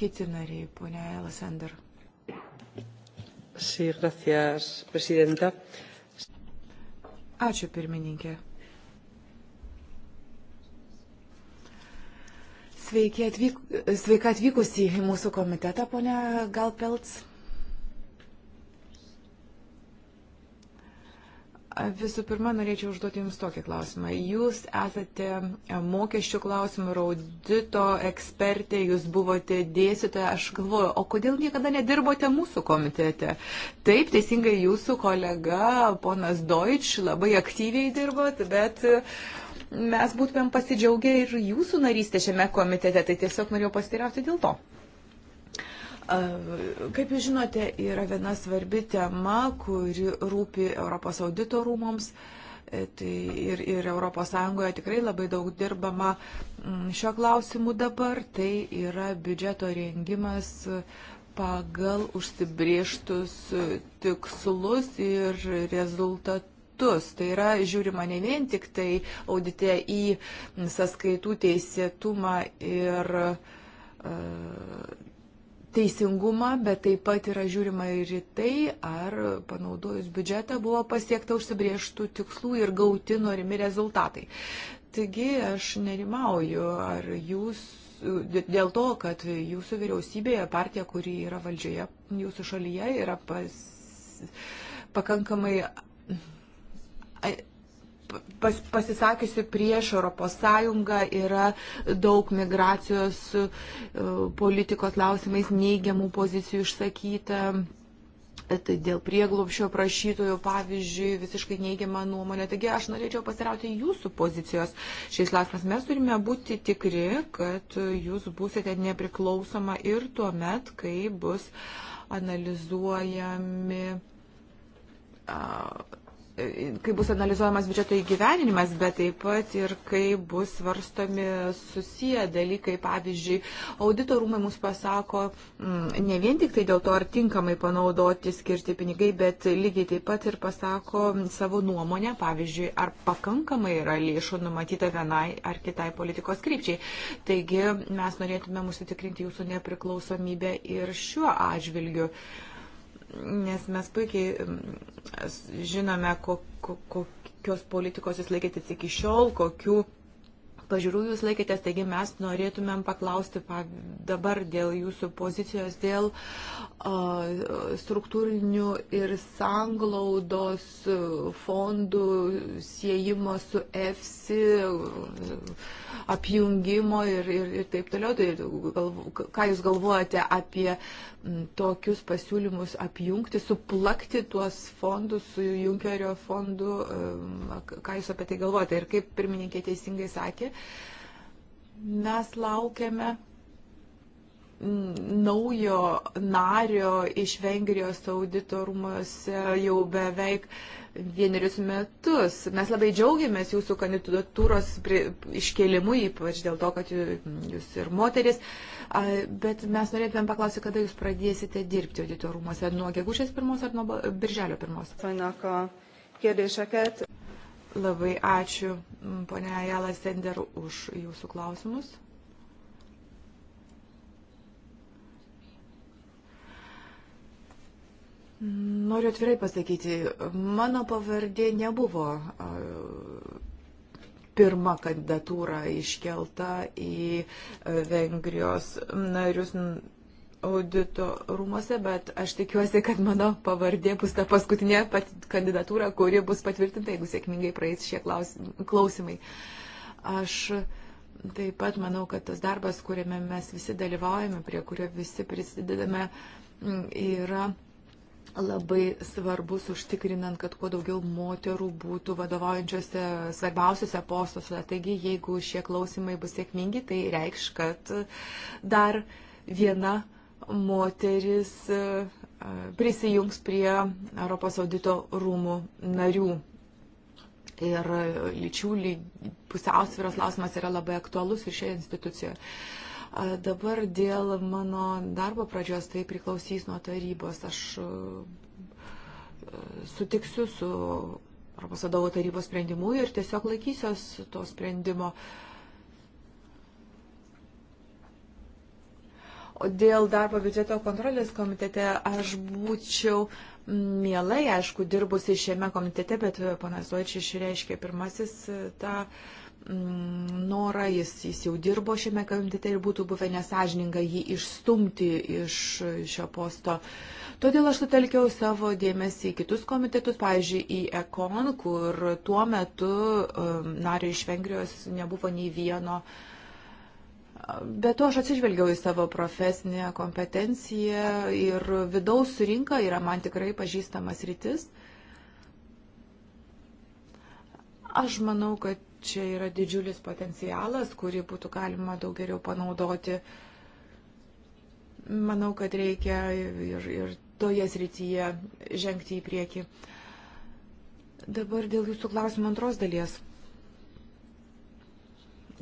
kiti nariai, ponia Elasander. Sí, gracias, presidenta. Ačiū pirmininkė. Sveiki atvyk, sveika atvykusi į mūsų komitetą, ponia Galpelts. Visų pirma, norėčiau užduoti Jums tokį klausimą. Jūs esate mokesčių klausimų ir audito ekspertė, Jūs buvote dėstytoja. Aš galvoju, o kodėl niekada nedirbote mūsų komitete? Taip, teisingai Jūsų kolega, ponas Deutsch, labai aktyviai dirbot, bet uh, mes būtumėm pasidžiaugę ir jūsų narystė šiame komitete, tai tiesiog norėjau pasiteirauti dėl to. Kaip jūs žinote, yra viena svarbi tema, kuri rūpi Europos audito rūmoms. E, tai ir, ir ES tikrai labai daug dirbama mm, šio klausimu dabar. Tai yra biudžeto rengimas pagal užsibrieštus tikslus ir rezultatus kitus. Tai yra žiūrima ne vien tik tai audite į sąskaitų teisėtumą ir e, teisingumą, bet taip pat yra žiūrima ir į tai, ar panaudojus biudžetą buvo pasiekta užsibrieštų tikslų ir gauti norimi rezultatai. Taigi aš nerimauju, ar jūs dėl to, kad jūsų vyriausybėje partija, kuri yra valdžioje jūsų šalyje, yra pas, pakankamai pas, pasisakiusių prieš Europos Sąjungą yra daug migracijos e, politikos klausimais neigiamų pozicijų išsakyta. E, tai dėl prieglobšio prašytojų, pavyzdžiui, visiškai neigiama nuomonė. Taigi aš norėčiau pasirauti jūsų pozicijos šiais klausimais. Mes turime būti tikri, kad jūs būsite nepriklausoma ir tuo met, kai bus analizuojami. Uh, kaip bus analizuojamas biudžeto įgyveninimas, bet taip pat ir kaip bus svarstomi susiję dalykai. Pavyzdžiui, auditorumai mums pasako mm, ne vien tik tai dėl to, ar tinkamai panaudoti skirti pinigai, bet lygiai taip pat ir pasako savo nuomonę, pavyzdžiui, ar pakankamai yra lėšų numatyta vienai ar kitai politikos krypčiai. Taigi mes norėtume užsitikrinti jūsų nepriklausomybę ir šiuo atžvilgiu. Thank you nes mes puikiai mm, žinome, kokios politikos jūs laikėtės iki šiol, kokių pažiūrų jūs laikėtės, taigi mes norėtumėm paklausti dabar dėl jūsų pozicijos, dėl struktūrinių ir sanglaudos fondų siejimo su EFSI, apjungimo ir, ir, ir taip toliau. Tai galvo, ką jūs galvojate apie tokius pasiūlymus apjungti, suplakti tuos fondus su Junkerio fondu, ką jūs apie tai galvojate ir kaip pirmininkė teisingai sakė, Mes laukiame naujo nario iš Vengrijos auditorumuose jau beveik vienerius metus. Mes labai džiaugiamės jūsų kandidatūros iškėlimu, ypač dėl to, kad jūs ir moteris. Bet mes norėtumėm paklausyti, kada jūs pradėsite dirbti auditorumuose. Nuo gegužės pirmos ar nuo birželio pirmos? Sajnaka, kérdéseket. Labai ačiū, ponia Jala Sender, už jūsų klausimus. Noriu atvirai pasakyti, mano pavardė nebuvo pirma kandidatūra iškelta į e, Vengrijos narius audito rūmose, bet aš tikiuosi, kad mano pavardė bus ta paskutinė kandidatūra, kuri bus patvirtinta, jeigu sėkmingai praeis šie klausimai. Aš taip pat manau, kad tas darbas, kuriame mes visi dalyvaujame, prie kurio visi prisidedame, yra labai svarbus užtikrinant, kad kuo daugiau moterų būtų vadovaujančiose svarbiausiose postuose. Taigi, jeigu šie klausimai bus sėkmingi, tai reikš, kad dar viena moteris e, prisijungs prie Europos audito rūmų narių. Ir lyčių pusiausvėros klausimas yra labai aktualus ir šioje institucijoje. Dabar dėl mano darbo pradžios tai priklausys nuo tarybos. Aš e, sutiksiu su Europos vadovų tarybos sprendimu ir tiesiog laikysiuos to sprendimo. Uh, dėl darbo biudžeto kontrolės komitete aš būčiau mielai, aišku, dirbusi šiame komitete, bet e, panas Doičiš reiškia pirmasis e, tą mm, norą, jis, jis jau dirbo šiame komitete ir būtų buvę nesažininga jį išstumti iš šio posto. Todėl aš sutelkiau savo dėmesį į kitus komitetus, pavyzdžiui, į Ekon, kur tuo metu um, e, nario iš Vengrijos nebuvo nei vieno uh, Bet to aš atsižvelgiau į savo profesinę kompetenciją ir vidaus rinka yra man tikrai pažįstamas rytis. Aš manau, kad čia yra didžiulis potencialas, kurį būtų galima daug geriau panaudoti. Manau, kad reikia ir, ir toje srityje žengti į priekį. Dabar dėl jūsų klausimų antros dalies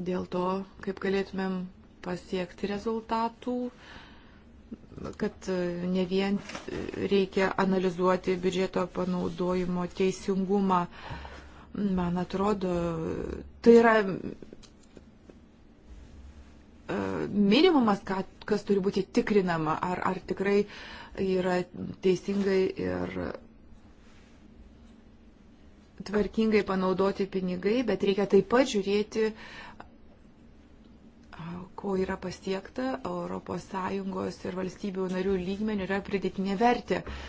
dėl to, kaip galėtumėm pasiekti rezultatų, kad e, ne vien reikia analizuoti biudžeto panaudojimo teisingumą. Man atrodo, tai yra e, minimumas, kas turi būti tikrinama, ar, ar tikrai yra teisingai ir tvarkingai panaudoti pinigai, bet reikia taip pat žiūrėti, uh, ko yra pasiekta ES ir valstybių narių lygmenių, yra pridėtinė vertė. Uh,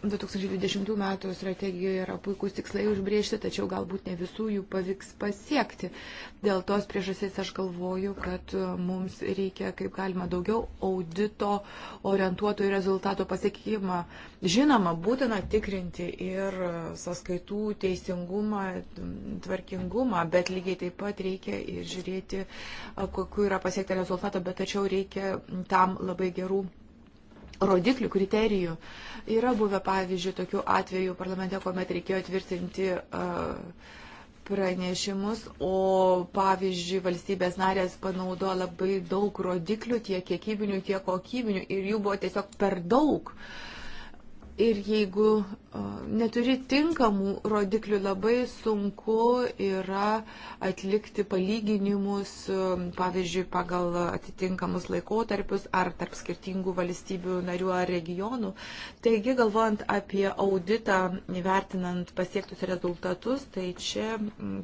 2020 metų strategijoje yra puikūs tikslai užbriežti, tačiau galbūt ne visų jų pavyks pasiekti. Dėl tos priežasties aš galvoju, kad mums reikia kaip galima daugiau audito orientuoto į rezultato pasiekimą. Žinoma, būtina tikrinti ir sąskaitų teisingumą, tvarkingumą, bet lygiai taip pat reikia ir žiūrėti, kokiu yra pasiekta rezultato, bet tačiau reikia tam labai gerų rodiklių, kriterijų. Yra buvę, pavyzdžiui, tokių atvejų parlamente, kuomet reikėjo tvirtinti uh, pranešimus, o pavyzdžiui, valstybės narės panaudo labai daug rodiklių, tiek kiekybinių, tiek kokybinių, ir jų buvo tiesiog per daug. Uh, Ir jeigu neturi tinkamų rodiklių, labai sunku yra atlikti palyginimus, pavyzdžiui, pagal atitinkamus laikotarpius ar tarp skirtingų valstybių narių ar regionų. Taigi, galvojant apie auditą, vertinant pasiektus rezultatus, tai čia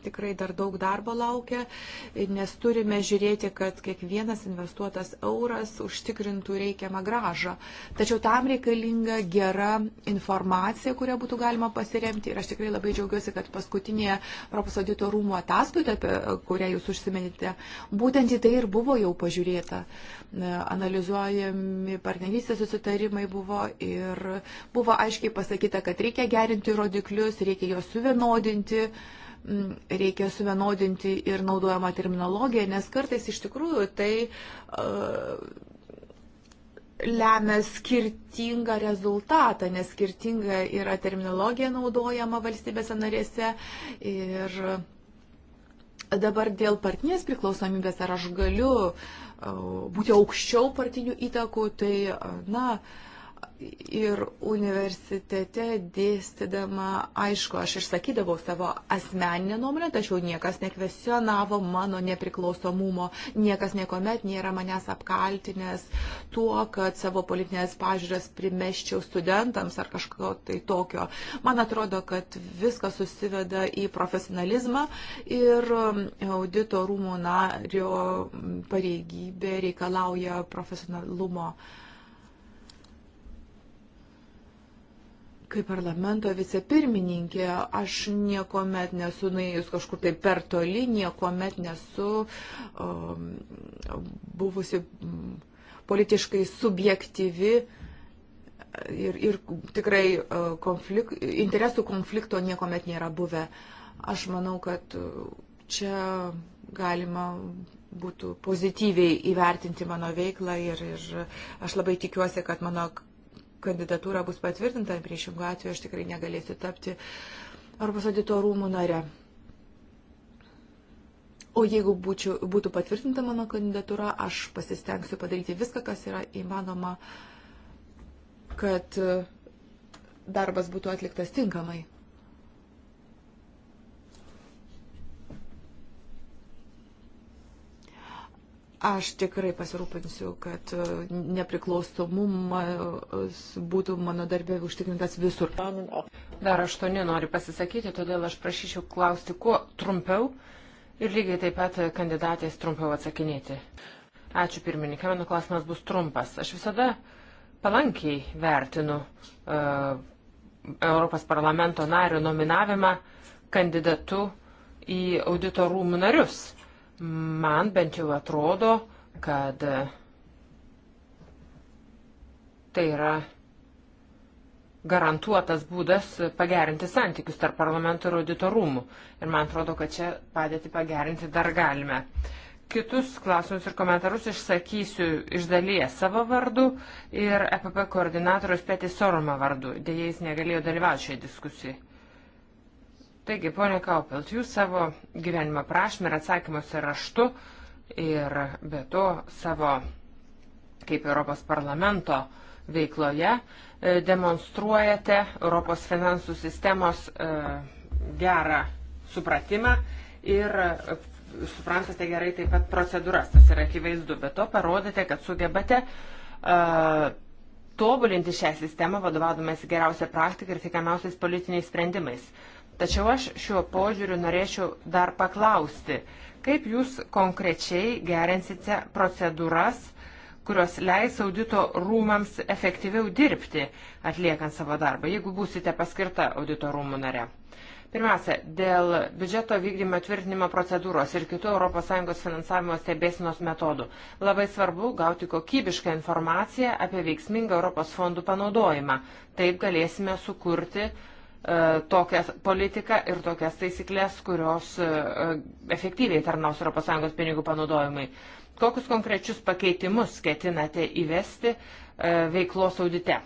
tikrai dar daug darbo laukia, nes turime žiūrėti, kad kiekvienas investuotas euras užtikrintų reikiamą gražą. Tačiau tam reikalinga gera informacija, kurią būtų galima pasiremti. Ir aš tikrai labai džiaugiuosi, kad paskutinė Europos audito rūmų ataskaita, apie kurią jūs užsiminėte, būtent į tai ir buvo jau pažiūrėta. Analizuojami partnerystės susitarimai buvo ir buvo aiškiai pasakyta, kad reikia gerinti rodiklius, reikia juos suvienodinti reikia suvienodinti ir naudojama terminologija, nes kartais iš tikrųjų tai uh, lemia skirtingą rezultatą, nes skirtinga yra terminologija naudojama valstybėse narėse. Ir dabar dėl partinės priklausomybės, ar aš galiu uh, būti aukščiau partinių įtakų, tai, uh, na, uh, ir universitete dėstydama, aišku, aš išsakydavau savo asmeninę nuomonę, tačiau niekas nekvesionavo mano nepriklausomumo, niekas niekuomet nėra manęs apkaltinęs tuo, kad savo politinės pažiūrės primeščiau studentams ar kažko tai tokio. Man atrodo, kad viskas susiveda į profesionalizmą ir um, audito rūmų nario pareigybė reikalauja profesionalumo. Uh, Kaip parlamento vicepirmininkė, aš niekuomet nesu nuėjus kažkur tai per toli, niekuomet nesu um, buvusi um, politiškai subjektyvi ir, ir tikrai uh, konflik, interesų konflikto niekuomet nėra buvę. Aš manau, kad e, čia galima būtų pozityviai įvertinti mano veiklą ir, ir aš labai tikiuosi, kad mano kandidatūra bus patvirtinta, priešingų atveju aš tikrai negalėsiu tapti Europos audito rūmų nare. O jeigu būčiau, būtų patvirtinta mano kandidatūra, aš pasistengsiu padaryti viską, kas yra įmanoma, kad darbas būtų atliktas tinkamai. Aš tikrai pasirūpinsiu, kad e, nepriklausomumas būtų mano darbė užtikrintas visur. Dar aštuoni nori pasisakyti, todėl aš prašyčiau klausti kuo trumpiau ir lygiai taip pat kandidatės trumpiau atsakinėti. Ačiū pirmininkai, mano klausimas bus trumpas. Aš visada palankiai vertinu uh, Europos parlamento nario nominavimą kandidatu į audito rūmų narius Man bent jau atrodo, kad tai yra garantuotas būdas pagerinti santykius tarp parlamento ir auditorumų. Ir man atrodo, kad čia padėti pagerinti dar galime. Kitus klausimus ir komentarus išsakysiu iš dalies savo vardu ir EPP koordinatorius Petis Soroma vardu. Dėja, jis negalėjo dalyvauti šioje diskusijoje. Taigi, ponė Kaupelt, jūs savo gyvenimo prašymą ir atsakymuose raštu ir be to savo kaip Europos parlamento veikloje e, demonstruojate Europos finansų sistemos e, gerą supratimą ir e, suprantate gerai taip pat procedūras, tas yra akivaizdu, bet to parodėte, kad sugebate uh, tobulinti šią sistemą, vadovaudomės geriausią praktiką ir tikamiausiais politiniais sprendimais. Uh, Tačiau aš šiuo požiūriu norėčiau dar paklausti, kaip jūs konkrečiai gerinsite procedūras, kurios leis audito rūmams efektyviau dirbti, atliekant savo darbą, jeigu būsite paskirta audito rūmų nare. Pirmiausia, dėl biudžeto vykdymo tvirtinimo procedūros ir kitų ES finansavimo stebėsinos metodų. Labai svarbu gauti kokybišką informaciją apie veiksmingą ES fondų panaudojimą. Taip galėsime sukurti E, tokią politiką ir tokias taisyklės, kurios e, efektyviai tarnaus ES pinigų panaudojimai. Kokius konkrečius pakeitimus ketinate įvesti e, veiklos audite?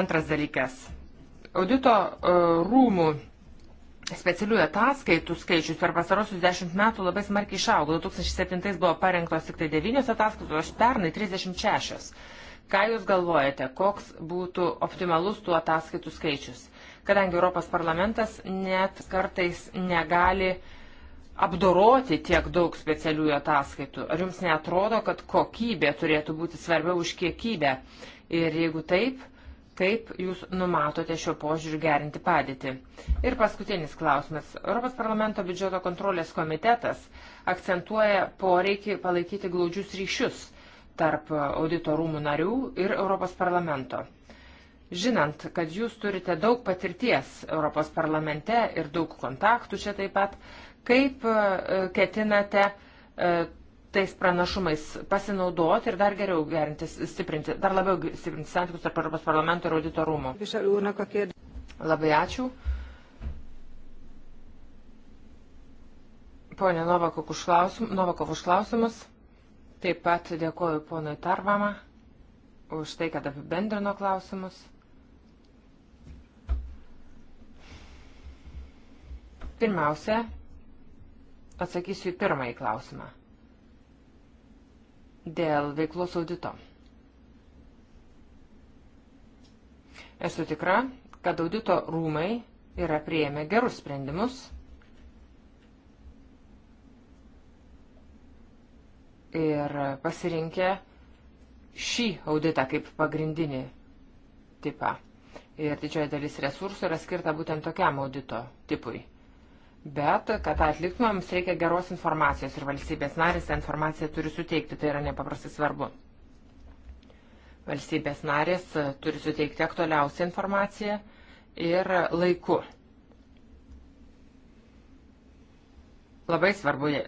Antras dalykas. Audito rūmų specialiųjų ataskaitų skaičius per pasarosius dešimt metų labai smarkiai išaugo. 2007 buvo parengtos tik tai 9 ataskaitos, o pernai 36. Ką Jūs galvojate, koks būtų optimalus tų ataskaitų skaičius? kadangi Europos parlamentas net kartais negali apdoroti tiek daug specialiųjų ataskaitų. Ar jums netrodo, kad kokybė turėtų būti svarbiau už kiekybę? Ir jeigu taip, kaip jūs numatote šio požiūriu gerinti padėtį. Ir paskutinis klausimas. Europos parlamento biudžeto kontrolės komitetas akcentuoja poreikį palaikyti glaudžius ryšius tarp audito rūmų narių ir Europos parlamento. Žinant, kad jūs turite daug patirties Europos parlamente ir daug kontaktų čia taip pat, kaip e, ketinate e, tais pranašumais pasinaudoti ir dar geriau gerinti, stiprinti, dar labiau stiprinti santykius tarp Europos parlamento ir audito rūmų? Labai ačiū. Pone Novakov už klausimus. klausimus. Taip pat dėkoju ponui Tarvama už tai, kad apibendrino klausimus. Pirmiausia, atsakysiu į pirmąjį klausimą. Dėl veiklos audito. Esu tikra, kad audito rūmai yra prieėmę gerus sprendimus ir pasirinkę šį auditą kaip pagrindinį tipą. Ir didžioji dalis resursų yra skirta būtent tokiam audito tipui. Bet, kad tą atliktumėm, mums reikia geros informacijos ir valstybės narės tą informaciją turi suteikti, tai yra nepaprastai svarbu. Valstybės narės e, turi suteikti aktualiausią informaciją ir laiku. Labai svarbu e,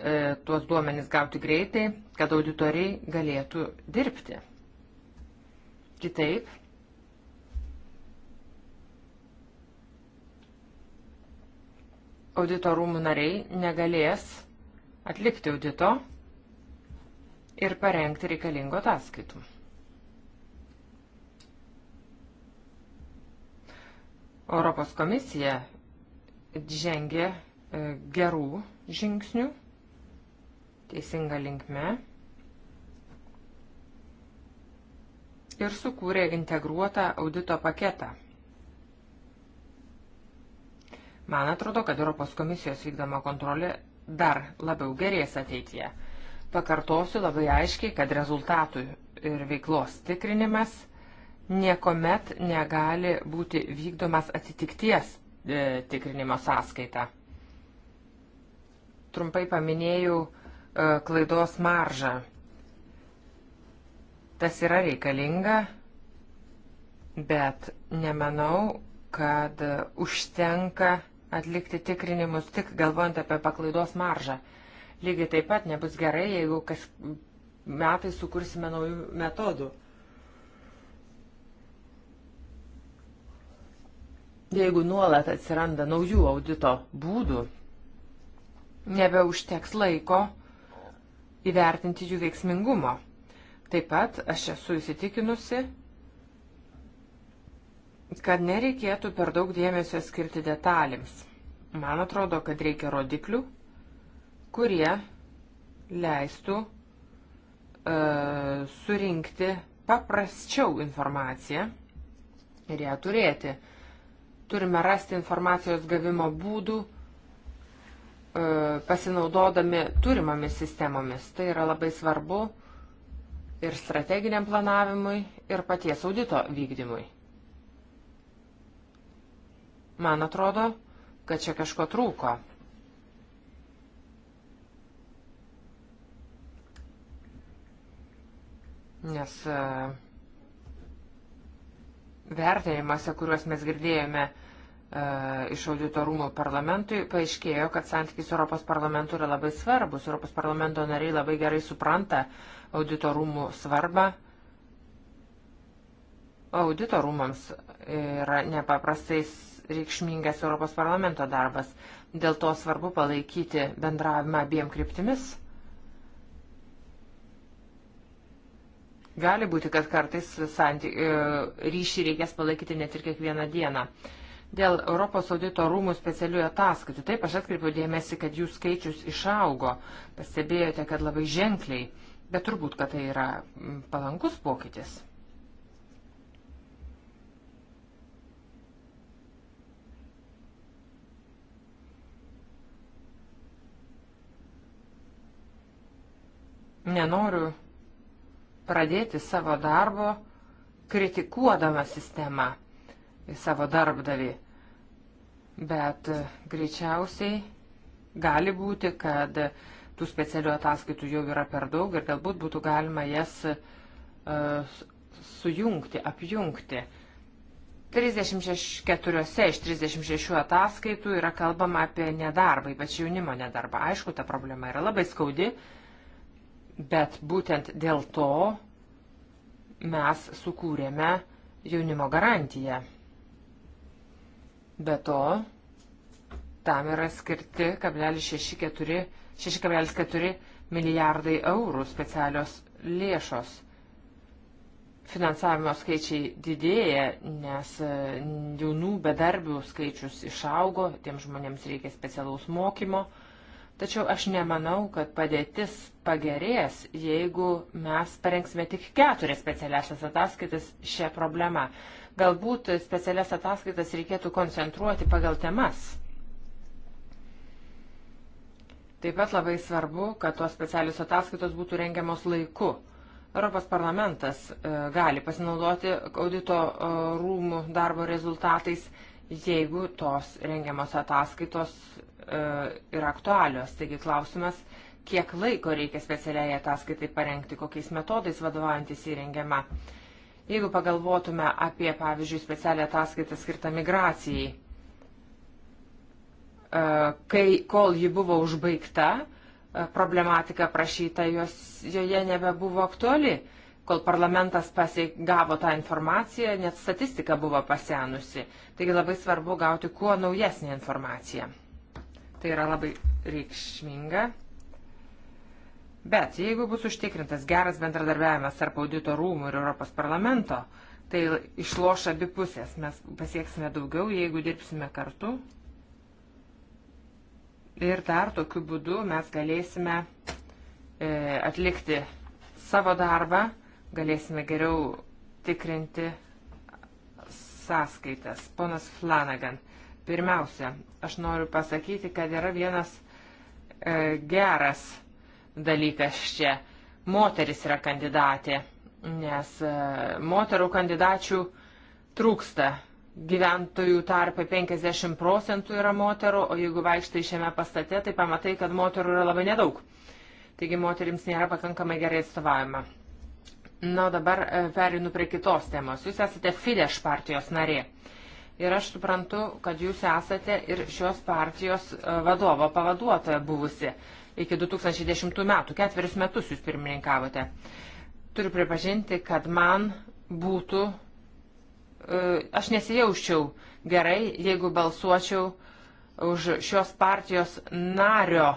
tuos duomenys gauti greitai, kad auditoriai galėtų dirbti. Kitaip audito rūmų nariai negalės atlikti audito ir parengti reikalingo ataskaitų. Europos komisija žengė e, gerų žingsnių teisinga linkme ir sukūrė integruotą audito paketą. Man atrodo, kad Europos komisijos vykdama kontrolė dar labiau gerės ateityje. Pakartosiu labai aiškiai, kad rezultatų ir veiklos tikrinimas niekuomet negali būti vykdomas atitikties e, tikrinimo sąskaita. Trumpai paminėjau e, klaidos maržą. Tas yra reikalinga, bet nemanau, kad užtenka e, atlikti tikrinimus tik galvojant apie paklaidos maržą. Lygiai taip pat nebus gerai, jeigu kas metai sukursime naujų metodų. Jeigu nuolat atsiranda naujų audito būdų, nebeužteks laiko įvertinti jų veiksmingumo. Taip pat aš esu įsitikinusi, kad nereikėtų per daug dėmesio skirti detalėms. Man atrodo, kad reikia rodiklių, kurie leistų e, surinkti paprasčiau informaciją ir ją turėti. Turime rasti informacijos gavimo būdų, e, pasinaudodami turimomis sistemomis. Tai yra labai svarbu ir strateginiam planavimui, ir paties audito vykdymui. Man atrodo, kad čia kažko trūko. Nes e, vertinimuose, kuriuos mes girdėjome e, iš auditorumų parlamentui, paaiškėjo, kad santykis Europos parlamentu yra labai svarbus. Europos parlamento nariai labai gerai supranta auditorumų svarbą. Auditorumams yra nepaprastais reikšmingas Europos parlamento darbas. Dėl to svarbu palaikyti bendravimą abiem kryptimis. Gali būti, kad kartais santy... E, ryšį reikės palaikyti net ir kiekvieną dieną. Dėl Europos audito rūmų specialiųjų ataskaitų. Taip, aš atkreipiau dėmesį, kad jų skaičius išaugo. Pastebėjote, kad labai ženkliai. Bet turbūt, kad tai yra palankus pokytis. nenoriu pradėti savo darbo kritikuodama sistemą į savo darbdavį. Bet e, greičiausiai gali būti, kad tų specialių ataskaitų jau yra per daug ir galbūt būtų galima jas uh, sujungti, apjungti. 34 iš 36 ataskaitų yra kalbama apie nedarbą, ypač jaunimo nedarbą. Aišku, ta problema yra labai skaudi, uh, Bet būtent dėl to mes sukūrėme jaunimo garantiją. Be to, tam yra skirti 6,4 milijardai eurų specialios lėšos. Finansavimo skaičiai didėja, nes e, jaunų bedarbių skaičius išaugo, tiem žmonėms reikia specialaus mokymo. Tačiau aš nemanau, kad padėtis pagerės, jeigu mes parengsime tik keturias specialiasias ataskaitas šią problemą. Galbūt specialias ataskaitas reikėtų koncentruoti pagal temas. Taip pat labai svarbu, kad tos specialios ataskaitos būtų rengiamos laiku. Europos parlamentas e, gali pasinaudoti audito e, rūmų darbo rezultatais jeigu tos rengiamos ataskaitos e, yra aktualios. Taigi klausimas, kiek laiko reikia specialiai ataskaitai parengti, kokiais metodais vadovaujantis įrengiama. Jeigu pagalvotume apie, pavyzdžiui, specialią ataskaitą skirtą migracijai, e, kai kol ji buvo užbaigta, e, problematika prašyta jos, joje nebebuvo aktuali kol parlamentas pasigavo tą informaciją, net statistika buvo pasenusi. Taigi labai svarbu gauti kuo naujesnį informaciją. Tai yra labai reikšminga. Bet jeigu bus užtikrintas geras bendradarbiavimas tarp audito rūmų ir Europos parlamento, tai išloš abi pusės. Mes pasieksime daugiau, jeigu dirbsime kartu. Ir dar tokiu būdu mes galėsime e, atlikti savo darbą galėsime geriau tikrinti sąskaitas. Ponas Flanagan, pirmiausia, aš noriu pasakyti, kad yra vienas e, geras dalykas čia. Moteris yra kandidatė, nes e, moterų kandidačių trūksta. Gyventojų tarpe 50 procentų yra moterų, o jeigu vaikštai šiame pastate, tai pamatai, kad moterų yra labai nedaug. Taigi moterims nėra pakankamai gerai atstovavima. Na, dabar e, perinu prie kitos temos. Jūs esate Fidesz partijos narė. Ir aš suprantu, kad jūs esate ir šios partijos e, vadovo pavaduotoja buvusi iki 2010 metų. Ketverius metus jūs pirmininkavote. Turiu pripažinti, kad man būtų, e, aš nesijausčiau gerai, jeigu balsuočiau už šios partijos nario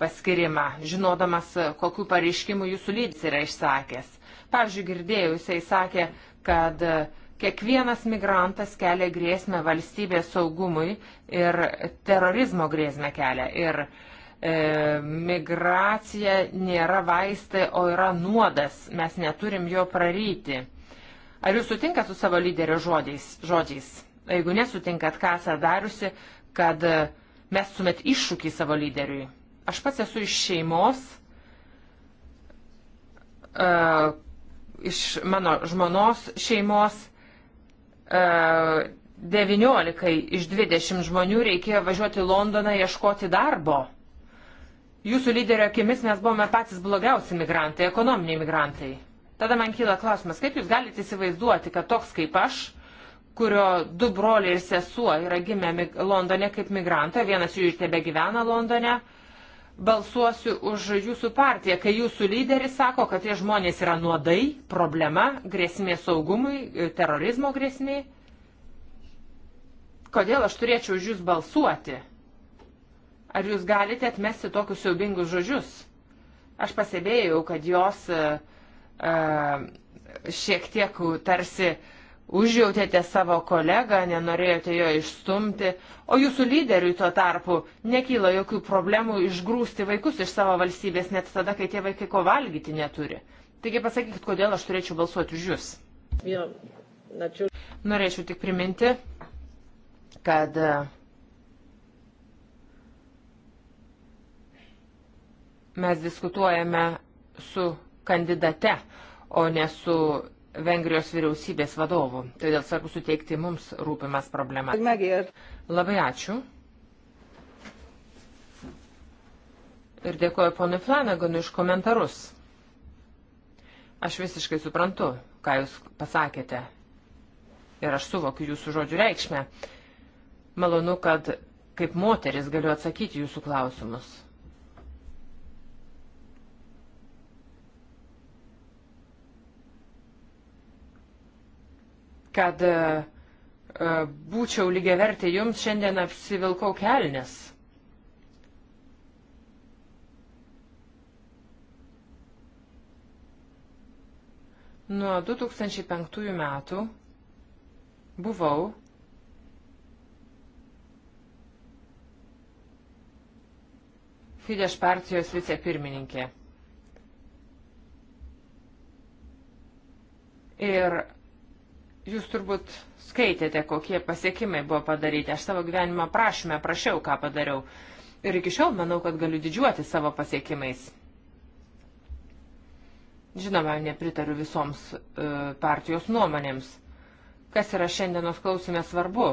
paskirimą, žinodamas, kokiu pareiškimu jūsų lyds yra išsakęs. Pavyzdžiui, girdėjau, jisai sakė, kad e, kiekvienas migrantas kelia grėsmę valstybės saugumui ir terorizmo grėsmę kelia. Ir e, migracija nėra vaistai, o yra nuodas. Mes neturim jo praryti. Ar jūs sutinkat su savo lyderio žodžiais? žodžiais? Jeigu nesutinkat, ką esate dariusi, kad e, mes sumet iššūkį savo lyderiui. Aš pats esu iš šeimos, e, iš mano žmonos šeimos 19 e, iš 20 žmonių reikėjo važiuoti į Londoną ieškoti darbo. Jūsų lyderio akimis mes buvome patys blogiausi migrantai, ekonominiai migrantai. Tada man kyla klausimas, kaip jūs galite įsivaizduoti, kad toks kaip aš, kurio du broliai ir sesuo yra gimę Londone kaip migrantai, vienas jų ir tebe gyvena Londone, uh, balsuosiu už jūsų partiją, kai jūsų lyderis sako, kad tie žmonės yra nuodai, problema, grėsmė saugumui, e, terorizmo grėsmė. Kodėl aš turėčiau už jūs balsuoti? Ar jūs galite atmesti tokius siaubingus žodžius? Aš pasibėjau, kad jos uh, šiek tiek tarsi uh, užjautėte savo kolegą, nenorėjote jo išstumti, o jūsų lyderiui tuo tarpu nekyla jokių problemų išgrūsti vaikus iš savo valstybės net tada, kai tie vaikai ko valgyti neturi. Taigi pasakykit, kodėl aš turėčiau balsuoti už jūs. Norėčiau tik priminti, kad e, mes diskutuojame su kandidate, o ne su Vengrijos vyriausybės vadovų. Todėl svarbu suteikti mums rūpimas problemas. Labai ačiū. Ir dėkoju ponui Flanaganui iš komentarus. Aš visiškai suprantu, ką jūs pasakėte. Ir aš suvokiu jūsų žodžių reikšmę. Malonu, kad kaip moteris galiu atsakyti jūsų klausimus. kad e, e, būčiau lygiai vertė jums, šiandien apsivilkau kelnes. Nuo 2005 metų buvau Fidesz partijos vicepirmininkė. Ir Jūs turbūt skaitėte, kokie pasiekimai buvo padaryti. Aš savo gyvenimą prašymę prašiau, ką padariau. Ir iki šiol manau, kad galiu didžiuoti savo pasiekimais. Žinoma, nepritariu visoms e, partijos nuomonėms. Kas yra šiandienos klausime svarbu?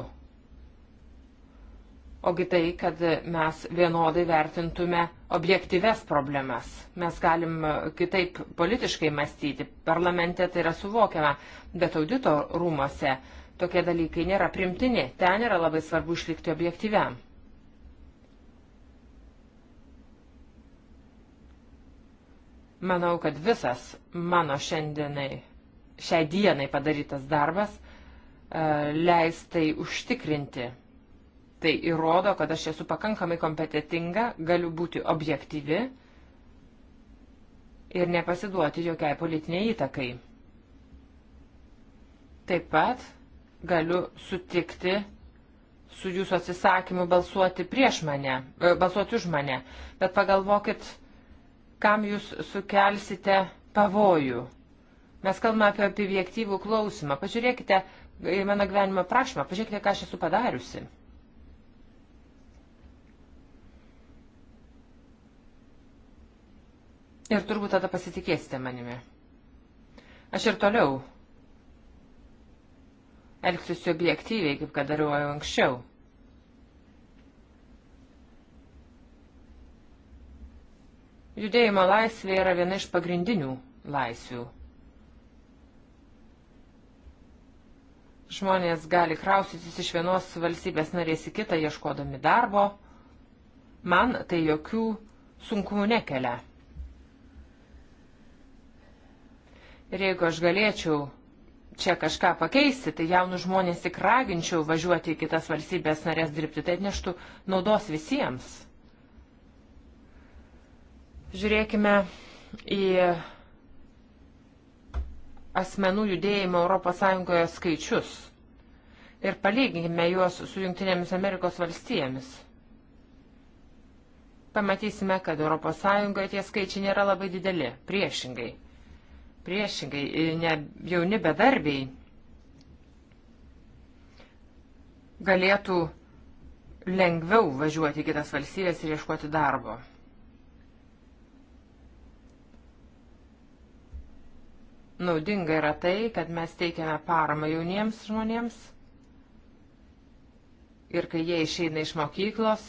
ogi tai, kad mes vienodai vertintume objektyves problemas. Mes galim kitaip politiškai mąstyti, parlamente tai yra suvokiama, bet audito rūmose tokie dalykai nėra primtini, ten yra labai svarbu išlikti objektyviam. Manau, kad visas mano šiandienai, šiai dienai padarytas darbas e, leis tai užtikrinti Tai įrodo, kad aš esu pakankamai kompetitinga, galiu būti objektyvi ir nepasiduoti jokiai politiniai įtakai. Taip pat galiu sutikti su jūsų atsisakymu balsuoti prieš mane, e, balsuoti už mane, bet pagalvokit, kam jūs sukelsite pavojų. Mes kalbame apie objektyvų klausimą. Pažiūrėkite į mano gyvenimo prašymą, pažiūrėkite, ką aš esu padariusi. Ir turbūt tada pasitikėsite manimi. Aš ir toliau elgsiuosi objektyviai, kaip kad dariau anksčiau. Judėjimo laisvė yra viena iš pagrindinių laisvių. Žmonės gali kraustytis iš vienos valstybės narės į kitą ieškodami darbo. Man tai jokių sunkumų nekelia. Ir jeigu aš galėčiau čia kažką pakeisti, tai jaunus žmonės tik raginčiau važiuoti į kitas valstybės narės dirbti, tai atneštų naudos visiems. Žiūrėkime į asmenų judėjimo ES skaičius ir palyginkime juos su Junktinėmis Amerikos valstijomis. Pamatysime, kad ES tie skaičiai nėra labai dideli, priešingai – priešingai, e, ne, jauni bedarbiai galėtų lengviau važiuoti į kitas valstybės ir ieškoti darbo. Naudinga yra tai, kad mes teikiame paramą jauniems žmonėms ir kai jie išeina iš mokyklos,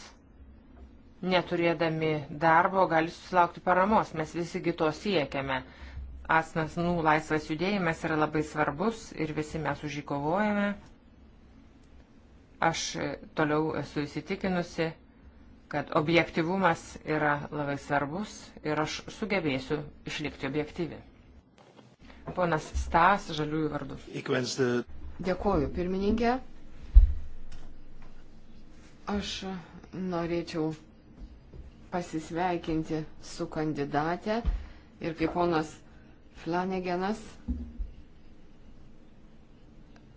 neturėdami darbo, gali susilaukti paramos. Mes visigi to siekiame asmenų laisvas judėjimas yra labai svarbus ir visi mes už jį kovojame. Aš toliau esu įsitikinusi, kad objektivumas yra labai svarbus ir aš sugebėsiu išlikti objektyvi. Ponas Stas, žaliųjų vardu. Dėkuoju, pirmininkė. Aš norėčiau pasisveikinti su kandidate ir kaip ponas Flanagenas.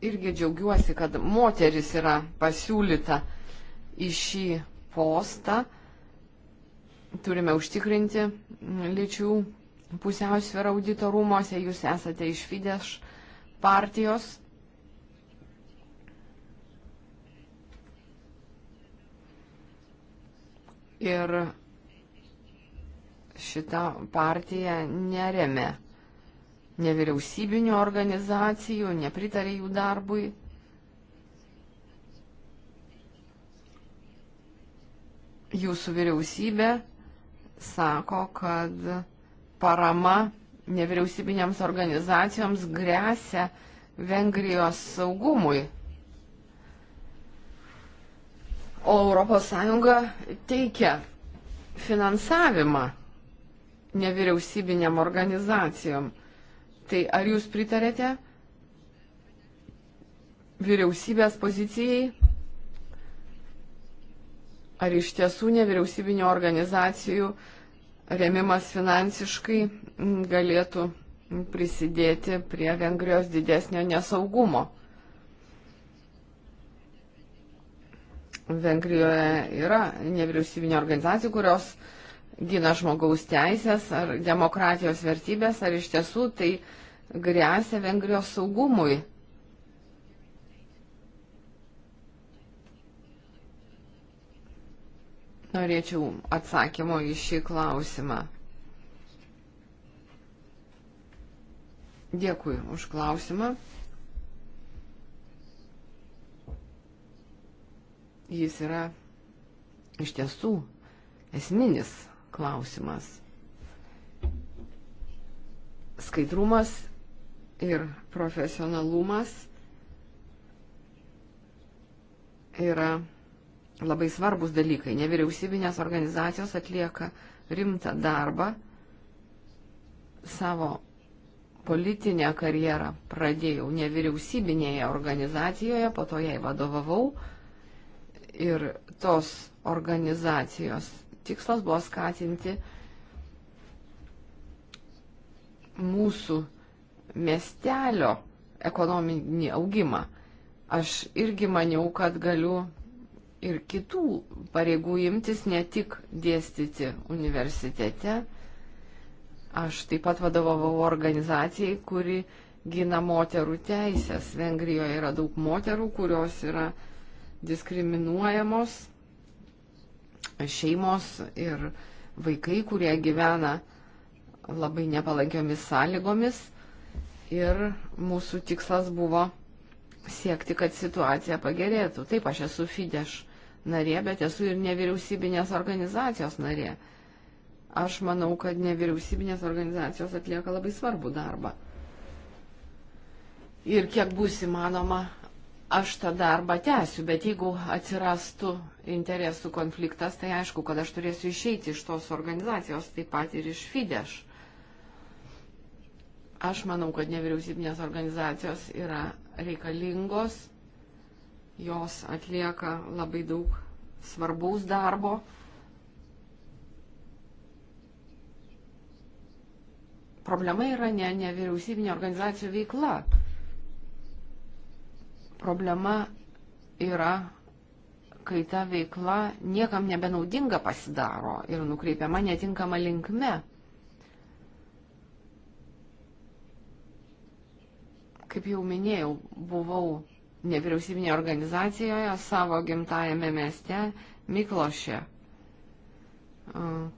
Irgi džiaugiuosi, kad moteris yra pasiūlyta į šį postą. Turime užtikrinti lyčių pusiausvyrą audito rūmose. Jūs esate iš Fidesz partijos. Ir šita partija neremia nevyriausybinių organizacijų, nepritarė jų darbui. Jūsų vyriausybė sako, kad parama nevyriausybinėms organizacijoms grėsia Vengrijos saugumui. O ES teikia finansavimą nevyriausybinėm organizacijom. Tai ar jūs pritarėte vyriausybės pozicijai? Ar iš tiesų nevyriausybinio organizacijų remimas finansiškai galėtų prisidėti prie Vengrijos didesnio nesaugumo? Vengrijoje yra nevyriausybinio organizacijų, kurios uh, gina žmogaus teisės ar demokratijos vertybės, ar iš tiesų tai grėsia Vengrijos saugumui. Norėčiau atsakymo į šį klausimą. Dėkui už klausimą. Jis yra iš tiesų esminis klausimas. Skaidrumas ir profesionalumas yra labai svarbus dalykai. Nevyriausybinės organizacijos atlieka rimtą darbą savo politinę karjerą pradėjau nevyriausybinėje organizacijoje, po to jai vadovavau ir tos organizacijos tikslas buvo skatinti mūsų miestelio ekonominį augimą. Aš irgi maniau, kad galiu ir kitų pareigų imtis, ne tik dėstyti universitete. Aš taip pat vadovavau organizacijai, kuri gina moterų teisės. Vengrijoje yra daug moterų, kurios yra diskriminuojamos šeimos ir vaikai, kurie gyvena labai nepalankiomis sąlygomis. Ir mūsų tikslas buvo siekti, kad situacija pagerėtų. Taip, aš esu Fidesz narė, bet esu ir nevyriausybinės organizacijos narė. Aš manau, kad nevyriausybinės organizacijos atlieka labai svarbų darbą. Ir kiek bus įmanoma, aš tą darbą tęsiu, bet jeigu atsirastų interesų konfliktas, tai aišku, kad aš turėsiu išeiti iš tos organizacijos, taip pat ir iš Fidesz. Aš manau, kad nevyriausybinės organizacijos yra reikalingos, jos atlieka labai daug svarbaus darbo. Problema yra ne nevyriausybinė organizacijų veikla Problema yra, kai ta veikla niekam nebenaudinga pasidaro ir nukreipiama netinkama linkme. Kaip jau minėjau, buvau nevyriausybinėje organizacijoje savo gimtajame mieste Miklošė,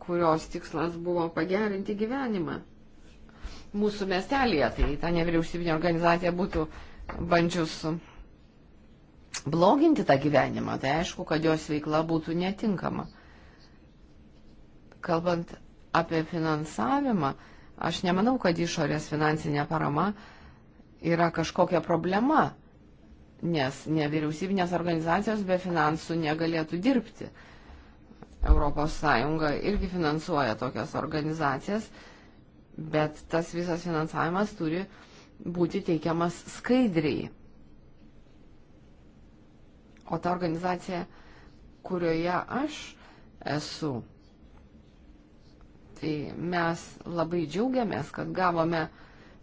kurios tikslas buvo pagerinti gyvenimą. Mūsų miestelėje tai ta nevyriausybinė organizacija būtų bandžius bloginti tą gyvenimą, tai aišku, kad jos veikla būtų netinkama. Kalbant apie finansavimą, aš nemanau, kad išorės finansinė parama yra kažkokia problema, nes nevyriausybinės organizacijos be finansų negalėtų dirbti. ES irgi finansuoja tokias organizacijas, bet tas visas finansavimas turi būti teikiamas skaidriai. O ta organizacija, kurioje aš esu, tai mes labai džiaugiamės, kad gavome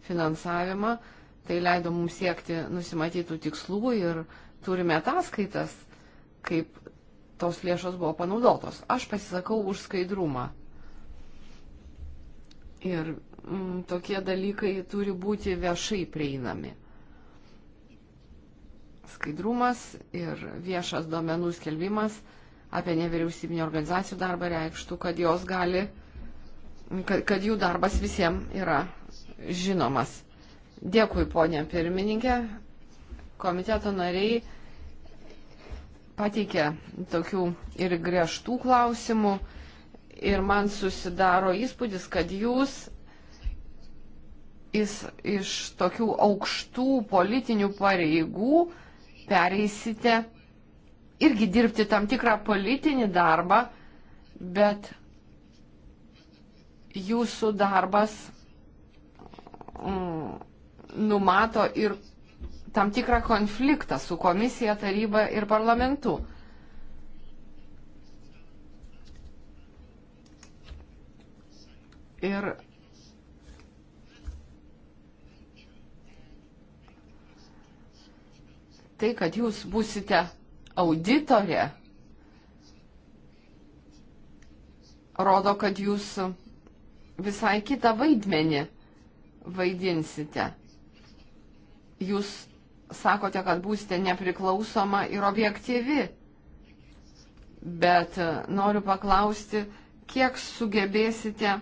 finansavimą, tai leido mums siekti nusimatytų tikslų ir turime ataskaitas, kaip tos lėšos buvo panaudotos. Aš pasisakau už skaidrumą. Ir mm, tokie dalykai turi būti viešai prieinami skaidrumas ir viešas duomenų skelbimas apie nevyriausybinio organizacijų darbą reikštų, kad jos gali, kad, kad jų darbas visiems yra žinomas. Dėkui, ponė pirmininkė. Komiteto nariai pateikė tokių ir griežtų klausimų ir man susidaro įspūdis, kad jūs jis iš tokių aukštų politinių pareigų pereisite irgi dirbti tam tikrą politinį darbą, bet jūsų darbas mm, numato ir tam tikrą konfliktą su komisija, taryba ir parlamentu. Ir tai, kad jūs būsite auditorė, rodo, kad jūs visai kitą vaidmenį vaidinsite. Jūs sakote, kad būsite nepriklausoma ir objektyvi, bet e, noriu paklausti, kiek sugebėsite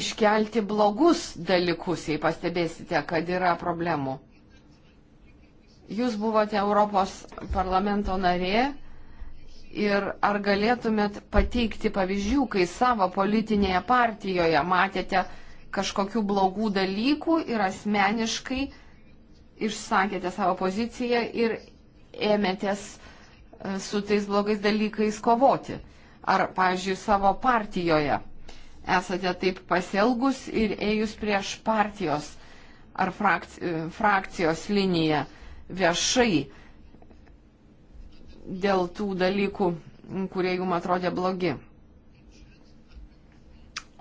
iškelti blogus dalykus, jei pastebėsite, kad yra problemų. Jūs buvote Europos parlamento narė ir ar galėtumėt pateikti pavyzdžių, kai savo politinėje partijoje matėte kažkokių blogų dalykų ir asmeniškai išsakėte savo poziciją ir ėmėtės e, su tais blogais dalykais kovoti. Ar, pavyzdžiui, savo partijoje esate taip pasielgus ir ėjus prieš partijos ar frakcijos liniją viešai dėl tų dalykų, kurie jums atrodė blogi.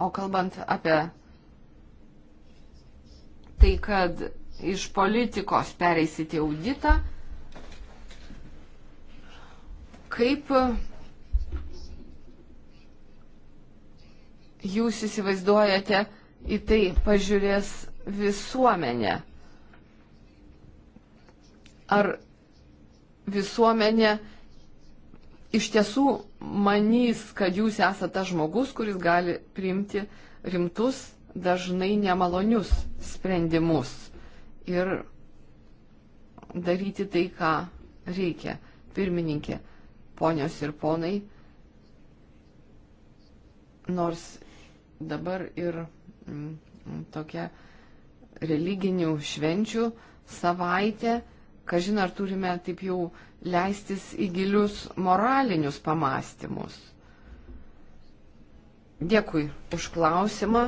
O kalbant apie tai, kad iš politikos pereisite į auditą, kaip jūs įsivaizduojate, į tai pažiūrės visuomenė ar visuomenė iš tiesų manys, kad jūs esate tas žmogus, kuris gali priimti rimtus, dažnai nemalonius sprendimus ir daryti tai, ką reikia. Pirmininkė, ponios ir ponai, nors dabar ir m, mm, tokia religinių švenčių savaitė, Kažin ar turime taip jau leistis į gilius moralinius pamastymus. Dėkui už klausimą.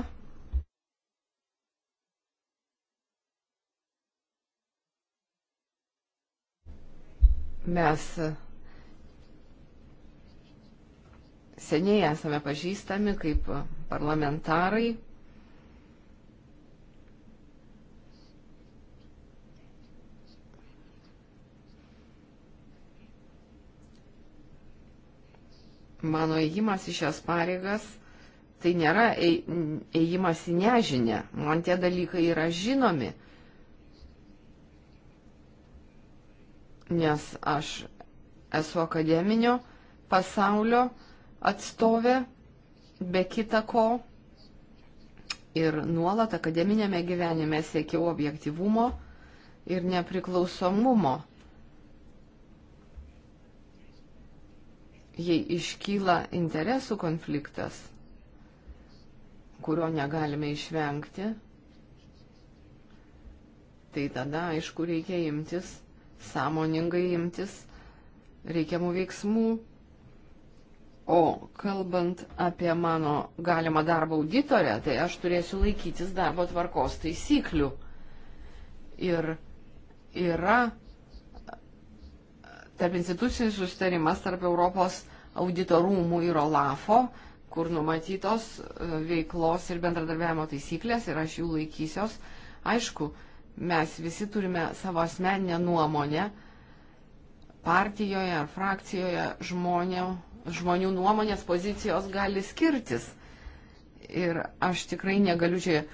Mes seniai esame pažįstami kaip parlamentarai. mano įjimas į šias pareigas tai nėra ėjimas į nežinę. Man tie dalykai yra žinomi, nes aš esu akademinio pasaulio atstovė, be kita ko. Ir nuolat akademinėme gyvenime siekiau objektivumo ir nepriklausomumo. jei iškyla interesų konfliktas, kurio negalime išvengti, tai tada, aišku, reikia imtis, sąmoningai imtis reikiamų veiksmų. O kalbant apie mano galimą darbą auditorę, tai aš turėsiu laikytis darbo tvarkos taisyklių. Ir yra tarp institucijų sustarimas tarp Europos audito rūmų ir OLAFo, kur numatytos e, veiklos ir bendradarbiavimo taisyklės ir aš jų laikysiuos. Aišku, mes visi turime savo asmeninę nuomonę partijoje ar frakcijoje žmonių, žmonių nuomonės pozicijos gali skirtis. Ir aš tikrai negaliu čia e,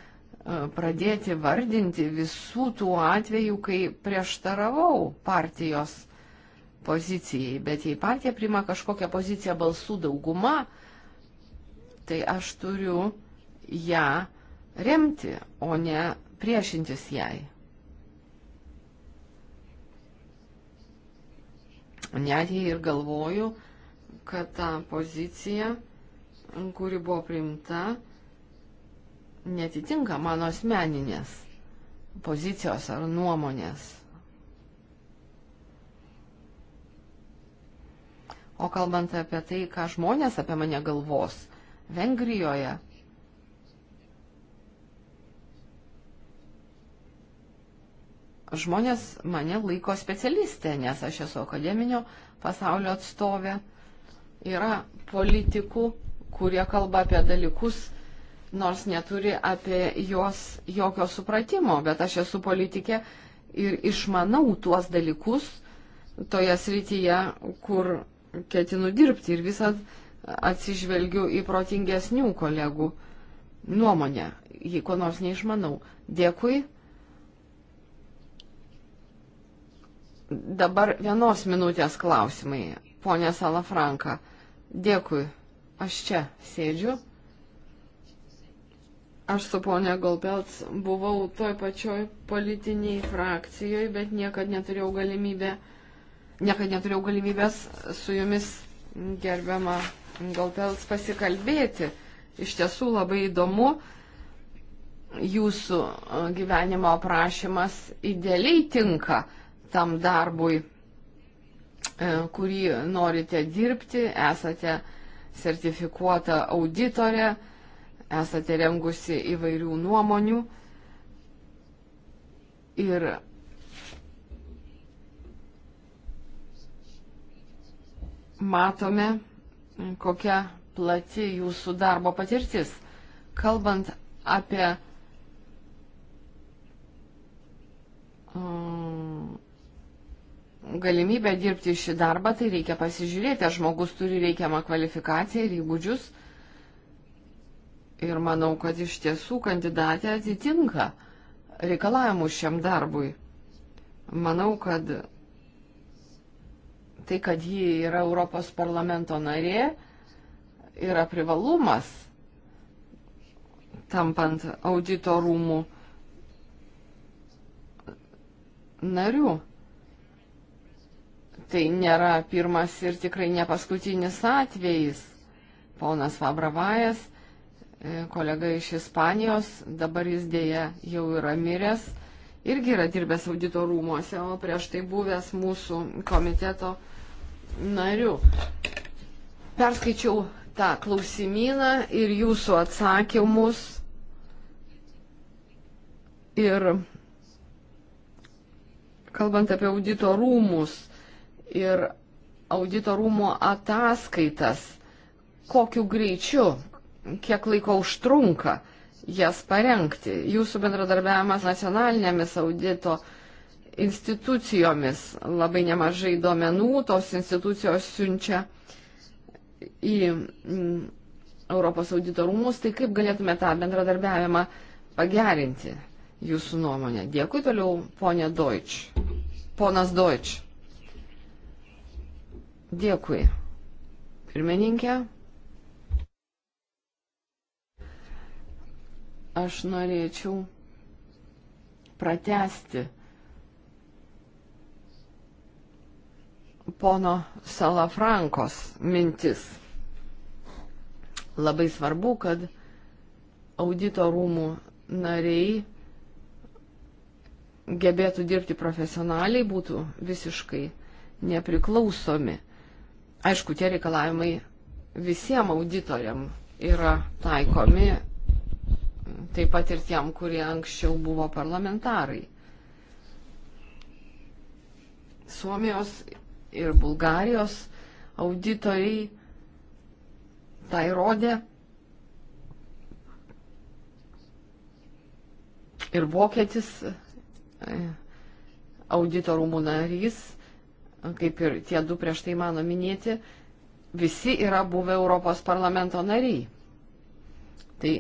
pradėti vardinti visų tų atvejų, kai prieštaravau partijos pozicijai, bet jei partija prima kažkokią poziciją balsų dauguma, tai aš turiu ją remti, o ne priešintis jai. Net jei ir galvoju, kad ta pozicija, kuri buvo priimta, netitinka mano asmeninės pozicijos ar nuomonės. O kalbant apie tai, ką žmonės apie mane galvos Vengrijoje, žmonės mane laiko specialistė, nes aš esu akademinio pasaulio atstovė. Yra politikų, kurie kalba apie dalykus, nors neturi apie juos jokio supratimo, bet aš esu politikė ir išmanau tuos dalykus toje srityje, kur ketinu dirbti ir visad atsižvelgiu į protingesnių kolegų nuomonę, jei ko nors neišmanau. Dėkui. Dabar vienos minutės klausimai. Pone Salafranka, dėkui. Aš čia sėdžiu. Aš su ponė Golpelts buvau toj pačioj politiniai frakcijoj, bet niekad neturėjau galimybę uh, niekad neturėjau galimybės su jumis gerbiama Galpels pasikalbėti. Iš tiesų labai įdomu jūsų gyvenimo aprašymas idealiai tinka tam darbui, e, kurį norite dirbti, esate sertifikuota auditorė, esate rengusi įvairių nuomonių ir matome, kokia plati jūsų darbo patirtis. Kalbant apie mm, galimybę dirbti šį darbą, tai reikia pasižiūrėti, ar žmogus turi reikiamą kvalifikaciją ir įgūdžius. Ir manau, kad iš tiesų kandidatė atitinka reikalavimus šiam darbui. Manau, kad tai, kad ji yra Europos parlamento narė, yra privalumas, tampant audito rūmų narių. Tai nėra pirmas ir tikrai ne paskutinis atvejis. Ponas Fabravajas, e, kolega iš Ispanijos, dabar jis dėja jau yra miręs, irgi yra dirbęs audito rūmose, o prieš tai buvęs mūsų komiteto narių. Perskaičiau tą klausimyną ir jūsų atsakymus. Ir kalbant apie audito rūmus ir audito rūmo ataskaitas, kokiu greičiu, kiek laiko užtrunka jas parengti. Jūsų bendradarbiavimas nacionalinėmis audito rūmomis institucijomis. Labai nemažai duomenų tos institucijos siunčia į mm, Europos audito rūmus. Tai kaip galėtume tą bendradarbiavimą pagerinti jūsų nuomonę? Dėkui toliau, ponė Deutsch. Ponas Deutsch. Dėkui. Pirmininkė. Aš norėčiau pratesti pono Salafrankos mintis. Labai svarbu, kad audito rūmų nariai gebėtų dirbti profesionaliai, būtų visiškai nepriklausomi. Aišku, tie reikalavimai visiems auditoriam yra taikomi, taip pat ir tiem, kurie anksčiau buvo parlamentarai. Suomijos ir Bulgarijos auditoriai tai rodė. Ir vokietis, e, auditorumų narys, kaip ir tie du prieš tai mano minėti, visi yra buvę Europos parlamento nariai. Tai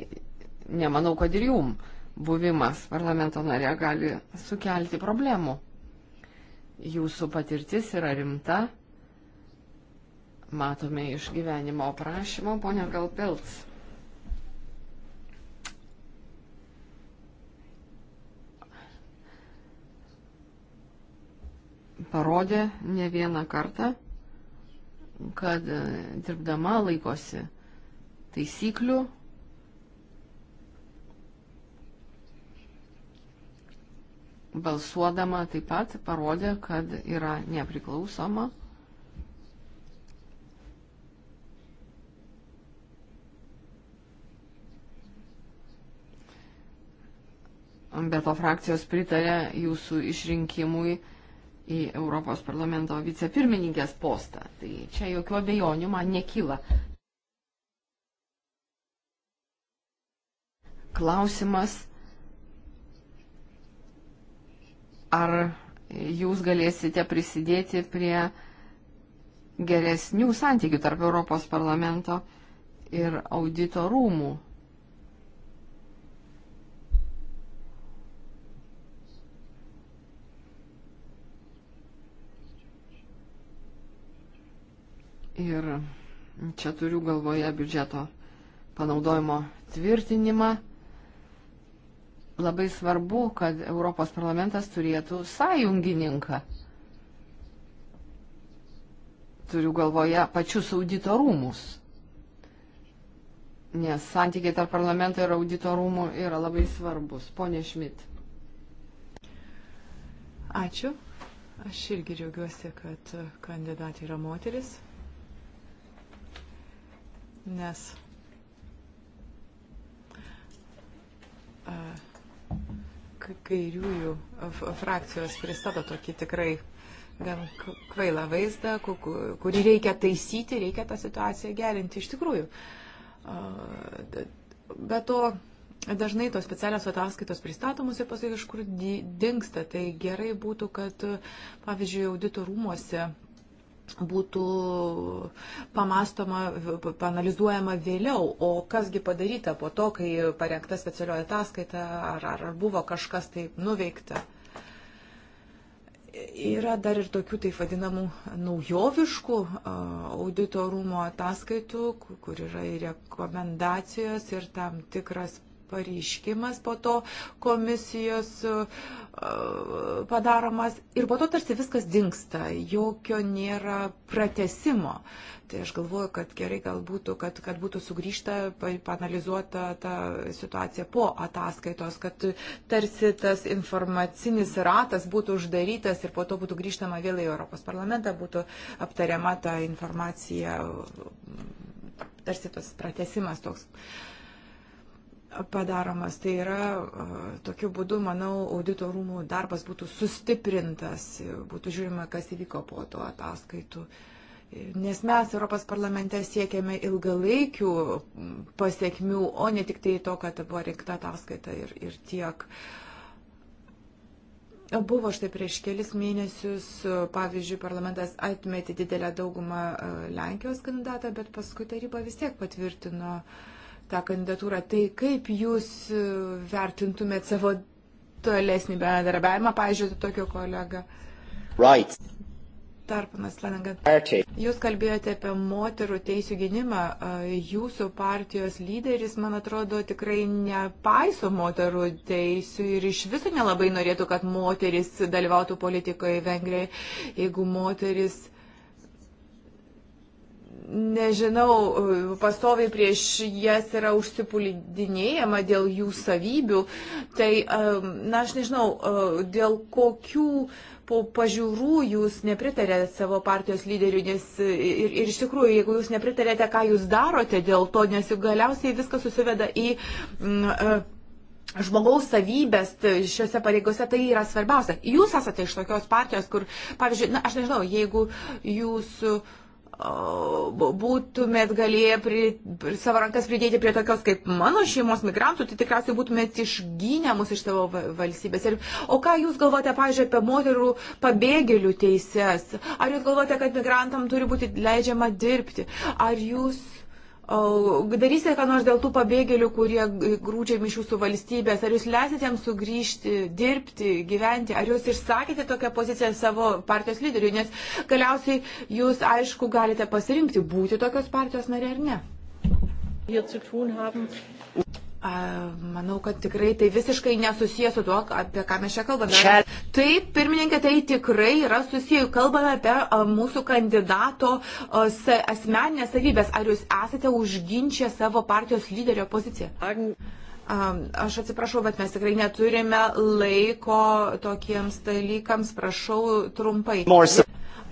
nemanau, kad ir jum buvimas parlamento nare gali sukelti problemų. Jūsų patirtis yra rimta. Matome iš gyvenimo aprašymo, ponia Galpilts. Parodė ne vieną kartą, kad dirbdama laikosi taisyklių, balsuodama taip pat parodė, kad yra nepriklausoma. Be to frakcijos pritarė jūsų išrinkimui į Europos parlamento vicepirmininkės postą. Tai čia jokių abejonių man nekyla. Klausimas Ar jūs galėsite prisidėti prie geresnių santykių tarp Europos parlamento ir audito rūmų? Ir čia turiu galvoje biudžeto panaudojimo tvirtinimą labai svarbu, kad Europos parlamentas turėtų sąjungininką. Turiu galvoje pačius auditorumus. Nes santykiai tarp parlamento ir auditorumų yra labai svarbus. Pone Šmit. Ačiū. Aš irgi džiaugiuosi, kad kandidatė yra moteris. Nes. Uh, kairiųjų frakcijos pristato tokį tikrai gan kvailą vaizdą, kurį reikia taisyti, reikia tą situaciją gerinti iš tikrųjų. Be to, dažnai tos specialios ataskaitos pristatomos ir paskui kažkur dinksta. Tai gerai būtų, kad, pavyzdžiui, audito rūmose būtų pamastoma, panalizuojama vėliau, o kasgi padaryta po to, kai parengta specialioji ataskaita, ar, ar, ar buvo kažkas taip nuveikta. Yra dar ir tokių taip vadinamų naujoviškų auditorumo ataskaitų, kur yra ir rekomendacijos ir tam tikras pareiškimas po to komisijos e, padaromas ir po to tarsi viskas dinksta, jokio nėra pratesimo. Tai aš galvoju, kad gerai gal būtų, kad, kad būtų sugrįžta, panalizuota ta situacija po ataskaitos, kad tarsi tas informacinis ratas būtų uždarytas ir po to būtų grįžtama vėl į Europos parlamentą, būtų aptariama ta informacija, tarsi tas pratesimas toks. Uh, padaromas. Tai yra tokiu būdu, manau, audito rūmų darbas būtų sustiprintas, būtų žiūrima, kas įvyko po to ataskaitų. Nes mes Europos parlamente siekiame ilgalaikių pasiekmių, o ne tik tai to, kad buvo rinkta ataskaita ir, ir tiek. Buvo štai prieš kelis mėnesius, pavyzdžiui, parlamentas atmetė didelę daugumą Lenkijos kandidatą, bet paskui taryba vis tiek patvirtino uh, tą kandidatūrą. Tai kaip jūs e, vertintumėt savo tolesnį bendradarbiavimą, pažiūrėjau, tokio kolega? Right. Tarpanas Leningan. Jūs kalbėjote apie moterų teisų gynimą. E, jūsų partijos lyderis, man atrodo, tikrai nepaiso moterų teisų ir iš viso nelabai norėtų, kad moteris dalyvautų politikoje Vengrijoje. Jeigu moteris uh, nežinau, pastoviai prieš jas yra užsipulinėjama dėl jų savybių, tai, na, aš nežinau, e, dėl kokių pažiūrų jūs nepritarėte savo partijos lyderių, nes e, ir, ir iš tikrųjų, jeigu jūs nepritarėte, ką jūs darote dėl to, nes juk galiausiai viskas susiveda į... Mm, mm, žmogaus savybės šiuose pareigose tai yra svarbiausia. Jūs esate iš tokios partijos, kur, pavyzdžiui, na, aš nežinau, jeigu jūs uh, būtumėt galėję pri, pri, savo rankas pridėti prie tokios kaip mano šeimos migrantų, tai tikriausiai būtumėt išgynę mus iš savo valstybės. Ir, o ką jūs galvote, pažiūrėjau, apie moterų pabėgėlių teises? Ar jūs galvote, kad migrantam turi būti leidžiama dirbti? Ar jūs darysite ką nors dėl tų pabėgėlių, kurie grūdžiami iš jūsų valstybės, ar jūs leisite jiems sugrįžti, dirbti, gyventi, ar jūs išsakėte tokią poziciją savo partijos lyderiui, nes galiausiai jūs, aišku, galite pasirinkti būti tokios partijos narė ar ne. Manau, kad tikrai tai visiškai nesusijęs su tuo, apie ką mes čia kalbame. Čia. Taip, pirmininkė, tai tikrai yra susiję. Kalbame apie mūsų kandidato asmeninės savybės. Ar jūs esate užginčę savo partijos lyderio poziciją? Aš atsiprašau, bet mes tikrai neturime laiko tokiems dalykams. Prašau trumpai. Morsi.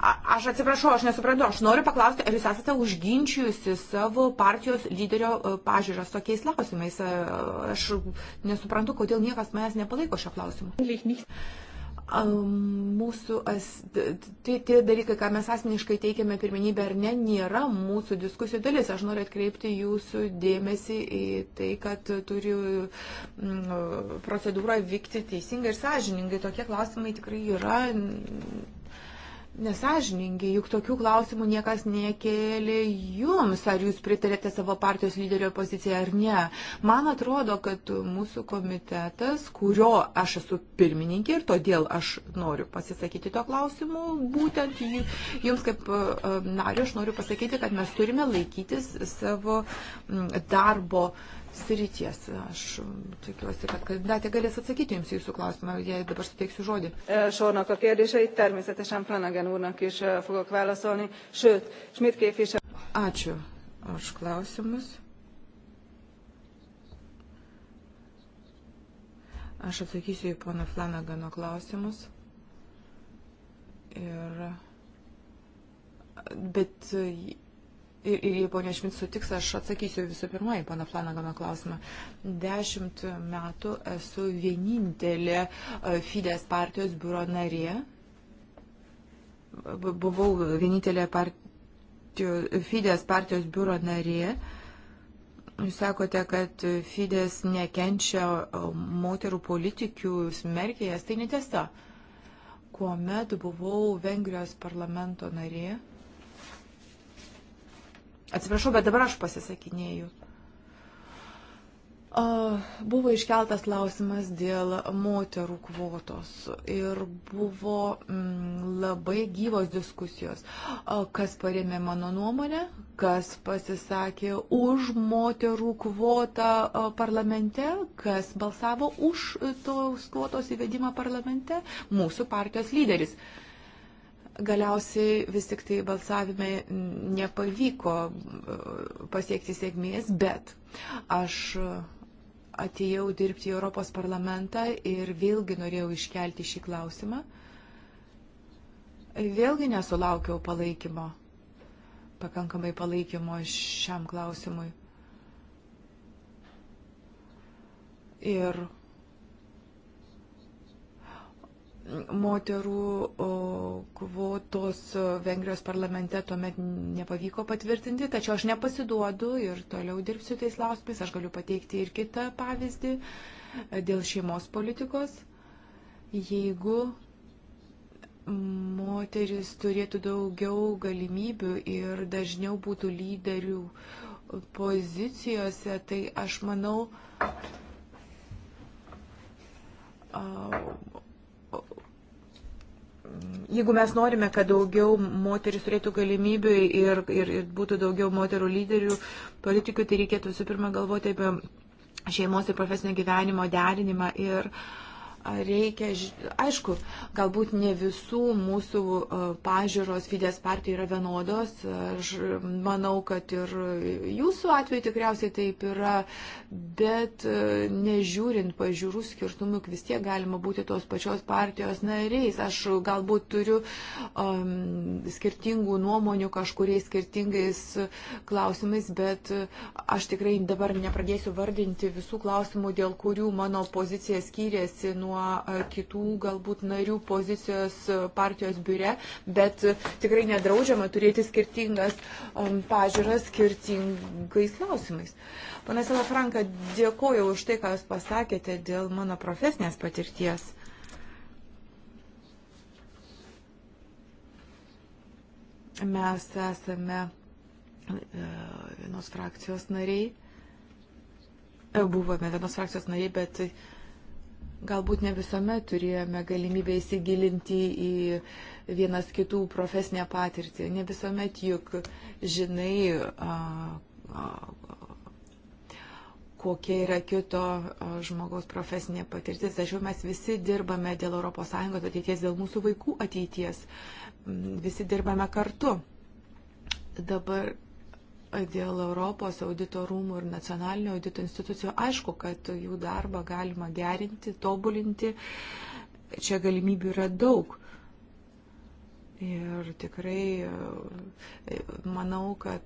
Aš atsiprašau, aš nesuprantu, aš noriu paklausti, ar jūs esate užginčiusi savo partijos lyderio e, pažiūras tokiais klausimais. E, aš nesuprantu, kodėl niekas manęs nepalaiko šio klausimu. Mūsų, tie, tie dalykai, ką mes asmeniškai teikiame pirmenybę ar ne, nėra mūsų diskusijų dalis. Aš noriu atkreipti jūsų dėmesį į tai, kad turi mm, procedūra vykti teisingai ir sąžiningai. Tokie klausimai tikrai yra nesažiningi, juk tokių klausimų niekas nekėlė jums, ar jūs pritarėte savo partijos lyderio poziciją ar ne. Man atrodo, kad mūsų komitetas, kurio aš esu pirmininkė ir todėl aš noriu pasisakyti to klausimu, būtent jums kaip e, nariu aš noriu pasakyti, kad mes turime laikytis savo darbo srities. Aš um, tikiuosi, kad kandidatė galės atsakyti jums jūsų klausimą, jei dabar suteiksiu žodį. E, Sornak a kérdéseit természetesen Flanagan úrnak is e, fogok válaszolni, sőt, Schmidt képviselő. Ačiū už klausimus. Aš atsakysiu į pono Flanagano klausimus. Ir... Bet jei ponia Šmit sutiks, aš atsakysiu visų pirma į pana Flanagano klausimą. Dešimt metų esu vienintelė e, Fides partijos biuro narė. Buvau vienintelė partijos, Fides partijos biuro narė. Jūs sakote, kad Fides nekenčia e, moterų politikių, smerkėjas. Tai netiesa. Kuomet buvau Vengrijos parlamento narė, Atsiprašau, bet dabar aš pasisakinėjau. Buvo iškeltas klausimas dėl moterų kvotos ir buvo m, mm, labai gyvos diskusijos, kas paremė mano nuomonę, kas pasisakė už moterų kvotą parlamente, kas balsavo už tos kvotos įvedimą parlamente, mūsų partijos lyderis. Uh, galiausiai vis tik tai balsavime nepavyko e, pasiekti sėkmės, bet aš atėjau dirbti į Europos parlamentą ir vėlgi norėjau iškelti šį klausimą. Vėlgi nesulaukiau palaikymo, pakankamai palaikymo šiam klausimui. Ir moterų kvotos Vengrijos parlamente tuomet nepavyko patvirtinti, tačiau aš nepasiduodu ir toliau dirbsiu tais lauspais, aš galiu pateikti ir kitą pavyzdį e, dėl šeimos politikos. Jeigu moteris turėtų daugiau galimybių ir dažniau būtų lyderių pozicijose, tai aš manau, jeigu mes norime, kad daugiau moteris turėtų galimybių ir, ir, ir būtų daugiau moterų lyderių, politikių, tai reikėtų visų pirma galvoti apie šeimos ir profesinio gyvenimo derinimą. Ir uh, reikia, aišku, galbūt ne visų mūsų e, pažiūros Fidės partija yra vienodos. Aš manau, kad ir jūsų atveju tikriausiai taip yra, bet e, nežiūrint pažiūrų skirtumų, vis tiek galima būti tos pačios partijos nariais. Aš galbūt turiu um, skirtingų nuomonių kažkuriais skirtingais klausimais, bet aš tikrai dabar nepradėsiu vardinti visų klausimų, dėl kurių mano pozicija skiriasi nuo nuo e, kitų galbūt narių pozicijos e, partijos biure, bet e, tikrai nedraudžiama turėti skirtingas pažiūras skirtingais klausimais. Pana Selafranka, dėkoju už tai, ką Jūs pasakėte dėl mano profesinės patirties. Mes esame vienos frakcijos nariai buvome vienos frakcijos nariai, bet galbūt ne visuomet turėjome galimybę įsigilinti į vienas kitų profesinę patirtį. Ne visuomet juk žinai, kokia yra kito žmogaus profesinė patirtis. Tačiau mes visi dirbame dėl ES ateities, dėl mūsų vaikų ateities. Visi dirbame kartu. Dabar dėl Europos audito rūmų ir nacionalinio audito institucijų. Aišku, kad jų darbą galima gerinti, tobulinti. Čia galimybių yra daug. Ir tikrai e, manau, kad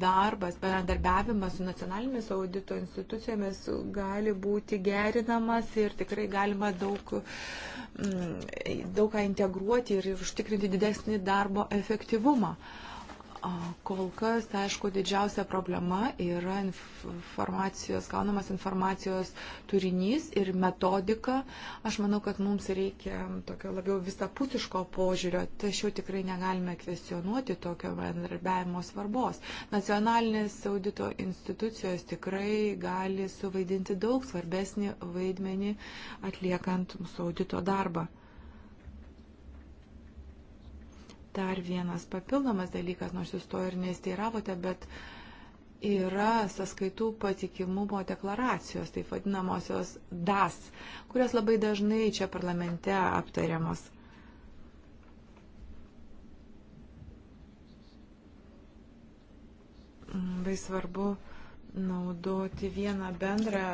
darbas, bendradarbiavimas su nacionalinėmis audito institucijomis gali būti gerinamas ir tikrai galima daug, mm, daug ką integruoti ir užtikrinti didesnį darbo efektyvumą. Uh, Kol kas, aišku, didžiausia problema yra informacijos, gaunamas informacijos turinys ir metodika. Aš manau, kad mums reikia tokio labiau visapusiško požiūrio, tačiau tikrai negalime kvestionuoti tokio bendradarbiavimo svarbos. Nacionalinės audito institucijos tikrai gali suvaidinti daug svarbesnį vaidmenį atliekant mūsų audito darbą. Dar vienas papildomas dalykas, nors jūs to ir nesteiravote, bet yra sąskaitų patikimumo deklaracijos, taip vadinamosios DAS, kurios labai dažnai čia parlamente aptariamos. Labai svarbu naudoti vieną bendrą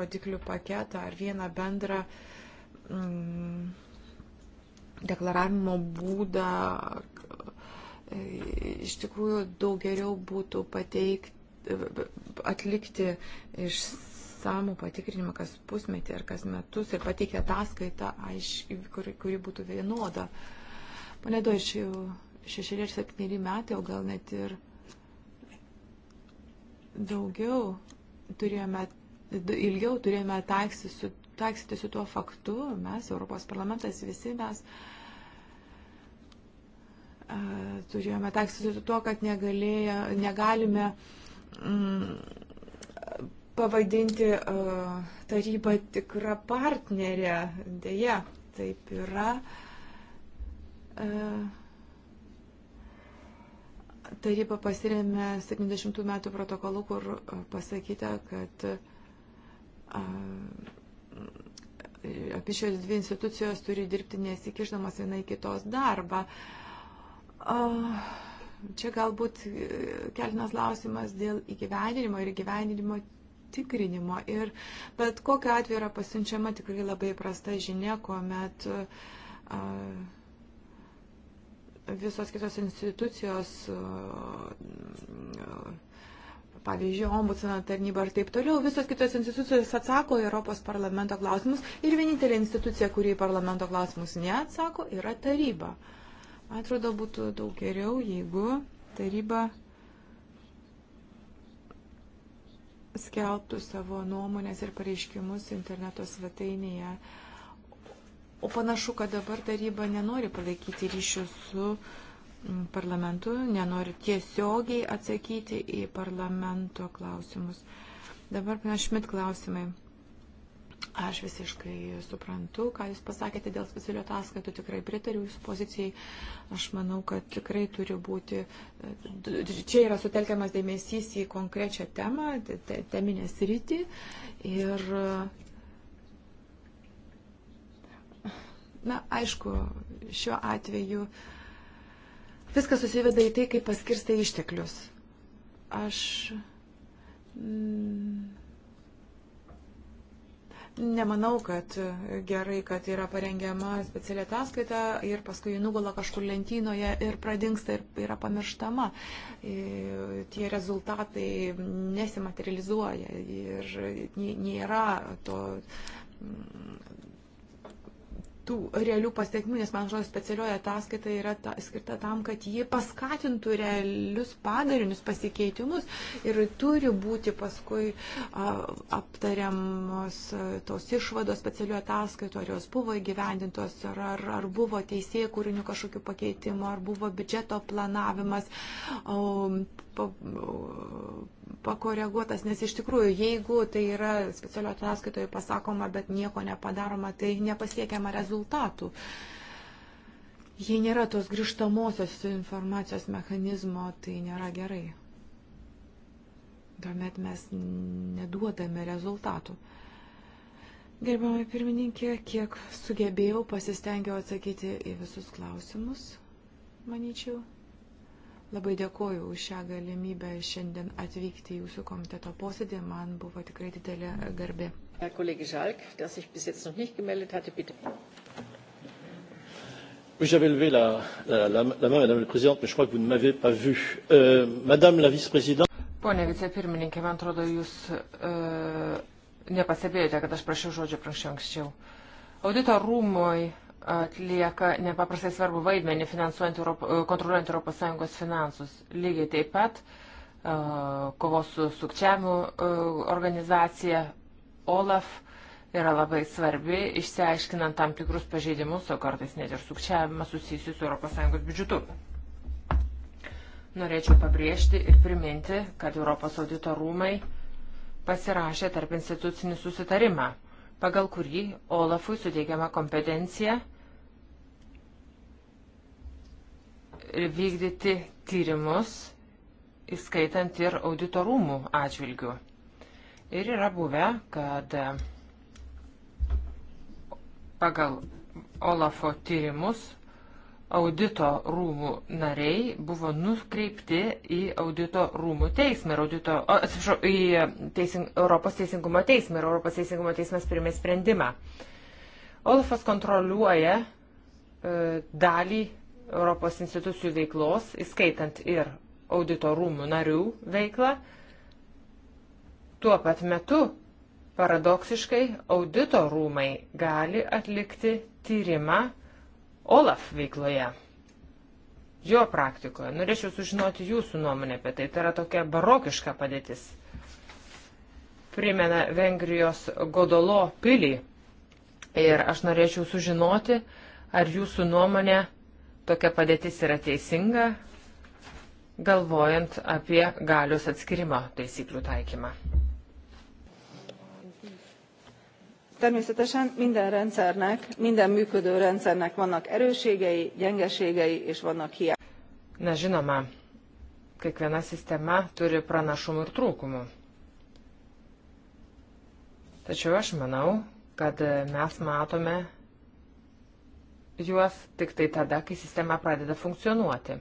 rodiklių paketą ar vieną bendrą mm, deklaravimo būdą e, iš tikrųjų daug geriau būtų pateikti, atlikti išsamų patikrinimą kas pusmetį ar kas metus ir pateikti ataskaitą, kuri, kuri būtų vienoda. Pane Dojš, jau šešeri ar septyneri metai, o gal net ir daugiau turėjome, ilgiau turėjome taksyti su, taksyti su tuo faktu, mes, Europos parlamentas, visi mes. Uh, turėjome taksyti su tuo, kad negalėjo, negalime mm, pavadinti uh, tarybą tikrą partnerę. Deja, taip yra. Uh, taryba pasirėmė 70 metų protokolu, kur pasakyta, kad uh, apie šios dvi institucijos turi dirbti nesikišdamas viena į kitos darbą. Uh, Čia galbūt e, keltinas klausimas dėl įgyvendinimo ir įgyvendinimo tikrinimo. Ir bet kokiu atveju yra pasiunčiama tikrai labai prasta žinia, kuomet e, visos kitos institucijos, e, pavyzdžiui, ombudsmeno tarnyba ir taip toliau, visos kitos institucijos atsako į Europos parlamento klausimus ir vienintelė institucija, kuri į parlamento klausimus neatsako, yra taryba. Uh, Atrodo, būtų daug geriau, jeigu taryba skelbtų savo nuomonės ir pareiškimus interneto svetainėje. O panašu, kad dabar taryba nenori palaikyti ryšių su mm, parlamentu, nenori tiesiogiai atsakyti į parlamento klausimus. Dabar panašmit klausimai. Aš visiškai suprantu, ką Jūs pasakėte dėl specialių ataskaitų, tikrai pritariu Jūsų pozicijai. Aš manau, kad tikrai turi būti, čia yra sutelkiamas dėmesys į konkrečią temą, teminę sritį. Ir, na, aišku, šiuo atveju viskas susiveda į tai, kaip paskirstai išteklius. Aš. Mm, Nemanau, kad gerai, kad yra parengiama speciali ataskaita ir paskui nugula kažkur lentynoje ir pradingsta ir yra pamirštama. E, tie rezultatai nesimaterializuoja ir nėra to tų realių pasiekmių, nes man atrodo specialioji ataskaita yra ta, skirta tam, kad ji paskatintų realius padarinius pasikeitimus ir turi būti paskui a, aptariamos tos išvados specialioji ataskaito, ar jos buvo įgyvendintos, ar, ar, ar buvo teisėjų kūrinių kažkokių pakeitimų, ar buvo biudžeto planavimas. A, pa, a, pakoreguotas, nes iš tikrųjų, jeigu tai yra specialio ataskaitoje pasakoma, bet nieko nepadaroma, tai nepasiekiama rezultatų. Jei nėra tos grįžtamosios informacijos mechanizmo, tai nėra gerai. Tuomet mes neduodame rezultatų. Gerbiamai pirmininkė, kiek sugebėjau, pasistengiau atsakyti į visus klausimus, manyčiau. Labai dėkoju už šią galimybę šiandien atvykti į jūsų komiteto posėdį. Man buvo tikrai didelė garbė. Herr Kollege Schalk, der sich bis jetzt noch nicht gemeldet hatte, bitte. Oui, j'avais levé la, la, la, la main, Madame la Présidente, mais je crois que vous ne m'avez pas vu. Euh, Madame la Vice-Présidente. Pone vicepirmininkė, man atrodo, jūs uh, nepastebėjote, kad aš prašiau žodžio prašiau anksčiau. Audito rūmoj uh, atlieka nepaprastai svarbu vaidmenį finansuojant Europo, kontroliuojant ES finansus. Lygiai taip pat e, kovos su sukčiavimu e, organizacija OLAF yra labai svarbi, išsiaiškinant tam tikrus pažeidimus, o kartais net ir sukčiavimą susijusius su ES biudžetu. Norėčiau pabrėžti ir priminti, kad Europos audito rūmai pasirašė tarp institucinį susitarimą pagal kurį Olafui suteikiama kompetencija vykdyti tyrimus, įskaitant ir auditorumų atžvilgių. Ir yra buvę, kad pagal Olafo tyrimus audito rūmų nariai buvo nukreipti į audito rūmų teismą ir audito, atsiprašau, į teising, Europos teisingumo teismą ir Europos teisingumo teismas priėmė sprendimą. Olafas kontroliuoja e, dalį Europos institucijų veiklos, įskaitant ir audito rūmų narių veiklą. Tuo pat metu paradoksiškai audito rūmai gali atlikti tyrimą OLAF veikloje, jo praktikoje. Norėčiau sužinoti jūsų nuomonę apie tai. Tai yra tokia barokiška padėtis. Primena Vengrijos Godolo pilį. Ir aš norėčiau sužinoti, ar jūsų nuomonė tokia padėtis yra teisinga, galvojant apie galios atskirimo taisyklių taikymą. természetesen minden rendszernek minden működő rendszernek vannak erősségei gyengeségei és vannak hiányosságai. Na žinoma, kiekviena sistema turi pranašumų ir trūkumų. Tačiau aš manau, kad mes matome juos tik tai tada, kai sistema pradeda funkcionuoti.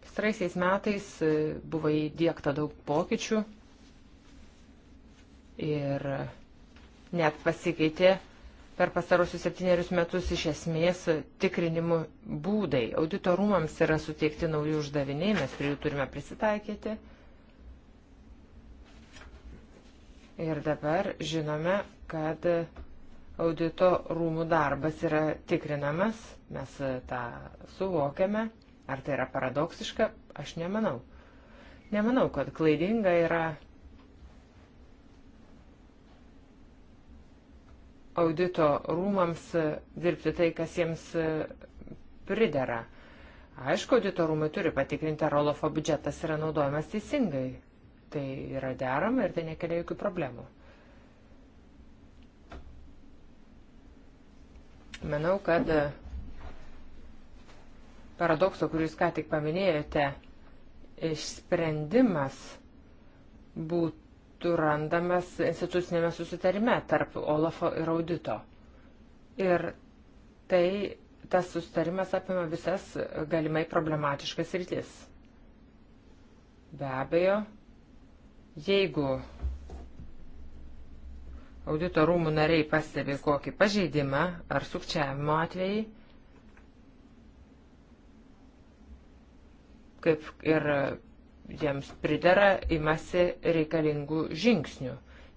Pastaraisiais metais e, buvo įdėkta daug pokyčių ir net pasikeitė per pastarosius septynerius metus iš esmės tikrinimų būdai. Auditorumams yra suteikti nauji uždaviniai, mes prie jų turime prisitaikyti. Ir dabar žinome, kad audito rūmų darbas yra tikrinamas, mes tą suvokiame. Ar tai yra paradoksiška? Aš nemanau. Nemanau, kad klaidinga yra audito rūmams dirbti tai, kas jiems pridera. Aišku, audito rūmai turi patikrinti, ar Olofo biudžetas yra naudojamas teisingai. Tai yra derama ir tai nekelia jokių problemų. Manau, kad paradokso, kurį jūs ką tik paminėjote, išsprendimas būt, randamas institucinėme susitarime tarp Olafo ir audito. Ir tai tas susitarimas apima visas galimai problematiškas rytis. Be abejo, jeigu audito rūmų nariai pastebi kokį pažeidimą ar sukčiavimo atvejį, kaip ir jiems pridara, imasi reikalingų žingsnių,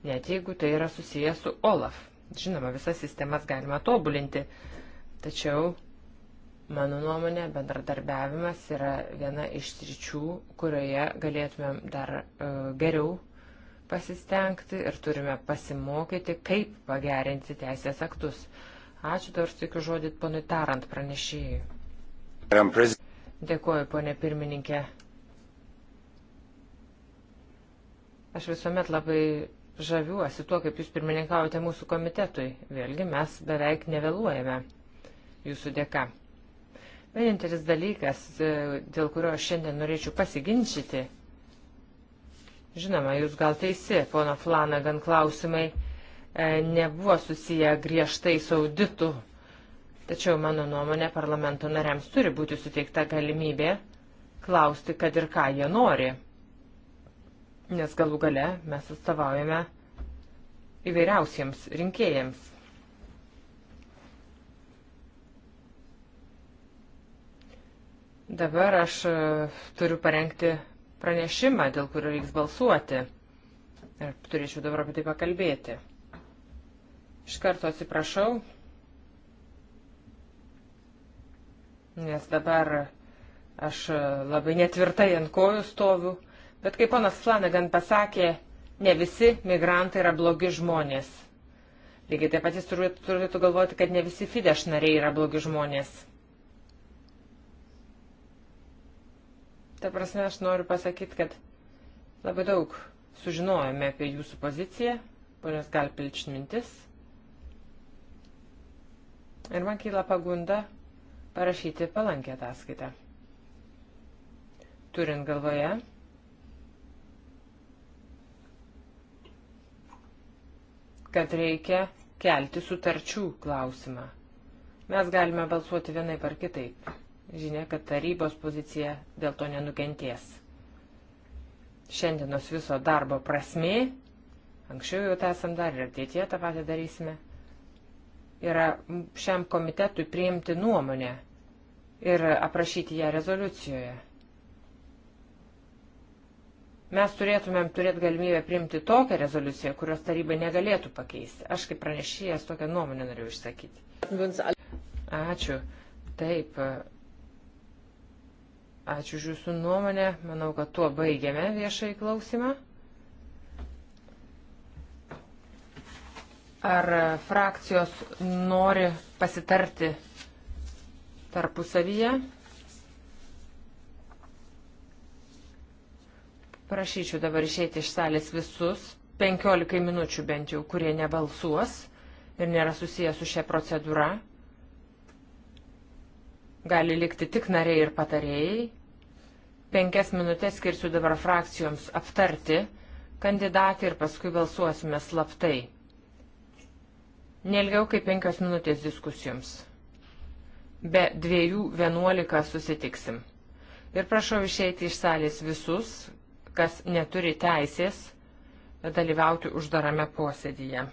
net jeigu tai yra susijęs su OLAF. Žinoma, visas sistemas galima tobulinti, tačiau, mano nuomonė, bendradarbiavimas yra viena iš sričių, kurioje galėtumėm dar uh, geriau pasistengti ir turime pasimokyti, kaip pagerinti teisės aktus. Ačiū dar tikiu žodį ponui Tarant pranešėjai. Dėkuoju, ponė pirmininkė. Aš visuomet labai žaviuosi tuo, kaip jūs pirmininkaujate mūsų komitetui. Vėlgi mes beveik nevėluojame jūsų dėka. Vienintelis dalykas, e, dėl kurio aš šiandien norėčiau pasiginčyti, žinoma, jūs gal teisi, pono Flanagan klausimai e, nebuvo susiję griežtai su auditu, tačiau mano nuomonė parlamento nariams turi būti suteikta galimybė klausti, kad ir ką jie nori nes galų gale mes atstovaujame įvairiausiems rinkėjams. Dabar aš e, turiu parengti pranešimą, dėl kurio reiks balsuoti. Ir turėčiau dabar apie tai pakalbėti. Iš karto atsiprašau, nes dabar aš e, labai netvirtai ant kojų stoviu. Bet kaip ponas Flanagan pasakė, ne visi migrantai yra blogi žmonės. Lygiai taip pat jis turėtų galvoti, kad ne visi Fidesz nariai yra blogi žmonės. Ta prasme, aš noriu pasakyti, kad labai daug sužinojome apie jūsų poziciją, ponios gal pilč mintis. Ir man kyla pagunda parašyti palankę ataskaitą. Turint galvoje, kad reikia kelti sutarčių klausimą. Mes galime balsuoti vienai par kitaip. Žinia, kad tarybos pozicija dėl to nenukenties. Šiandienos viso darbo prasmė, anksčiau jau tą esam dar ir ateityje tą patį darysime, yra šiam komitetui priimti nuomonę ir aprašyti ją rezoliucijoje. Mes turėtumėm turėti galimybę priimti tokią rezoliuciją, kurios taryba negalėtų pakeisti. Aš kaip pranešėjas tokią nuomonę norėjau išsakyti. Ačiū. Taip. Ačiū už Jūsų nuomonę. Manau, kad tuo baigiame viešai klausimą. Ar frakcijos nori pasitarti tarpusavyje? Prašyčiau dabar išėti iš salės visus, 15 minučių bent jau, kurie nebalsuos ir nėra susijęs su šia procedūra. Gali likti tik nariai ir patarėjai. Penkias minutės skirsiu dabar frakcijoms aptarti kandidatį ir paskui balsuosime slaptai. Nelgiau kaip penkios minutės diskusijoms. Be dviejų vienuolika susitiksim. Ir prašau išeiti iš salės visus, kas neturi teisės dalyvauti uždarame posėdyje.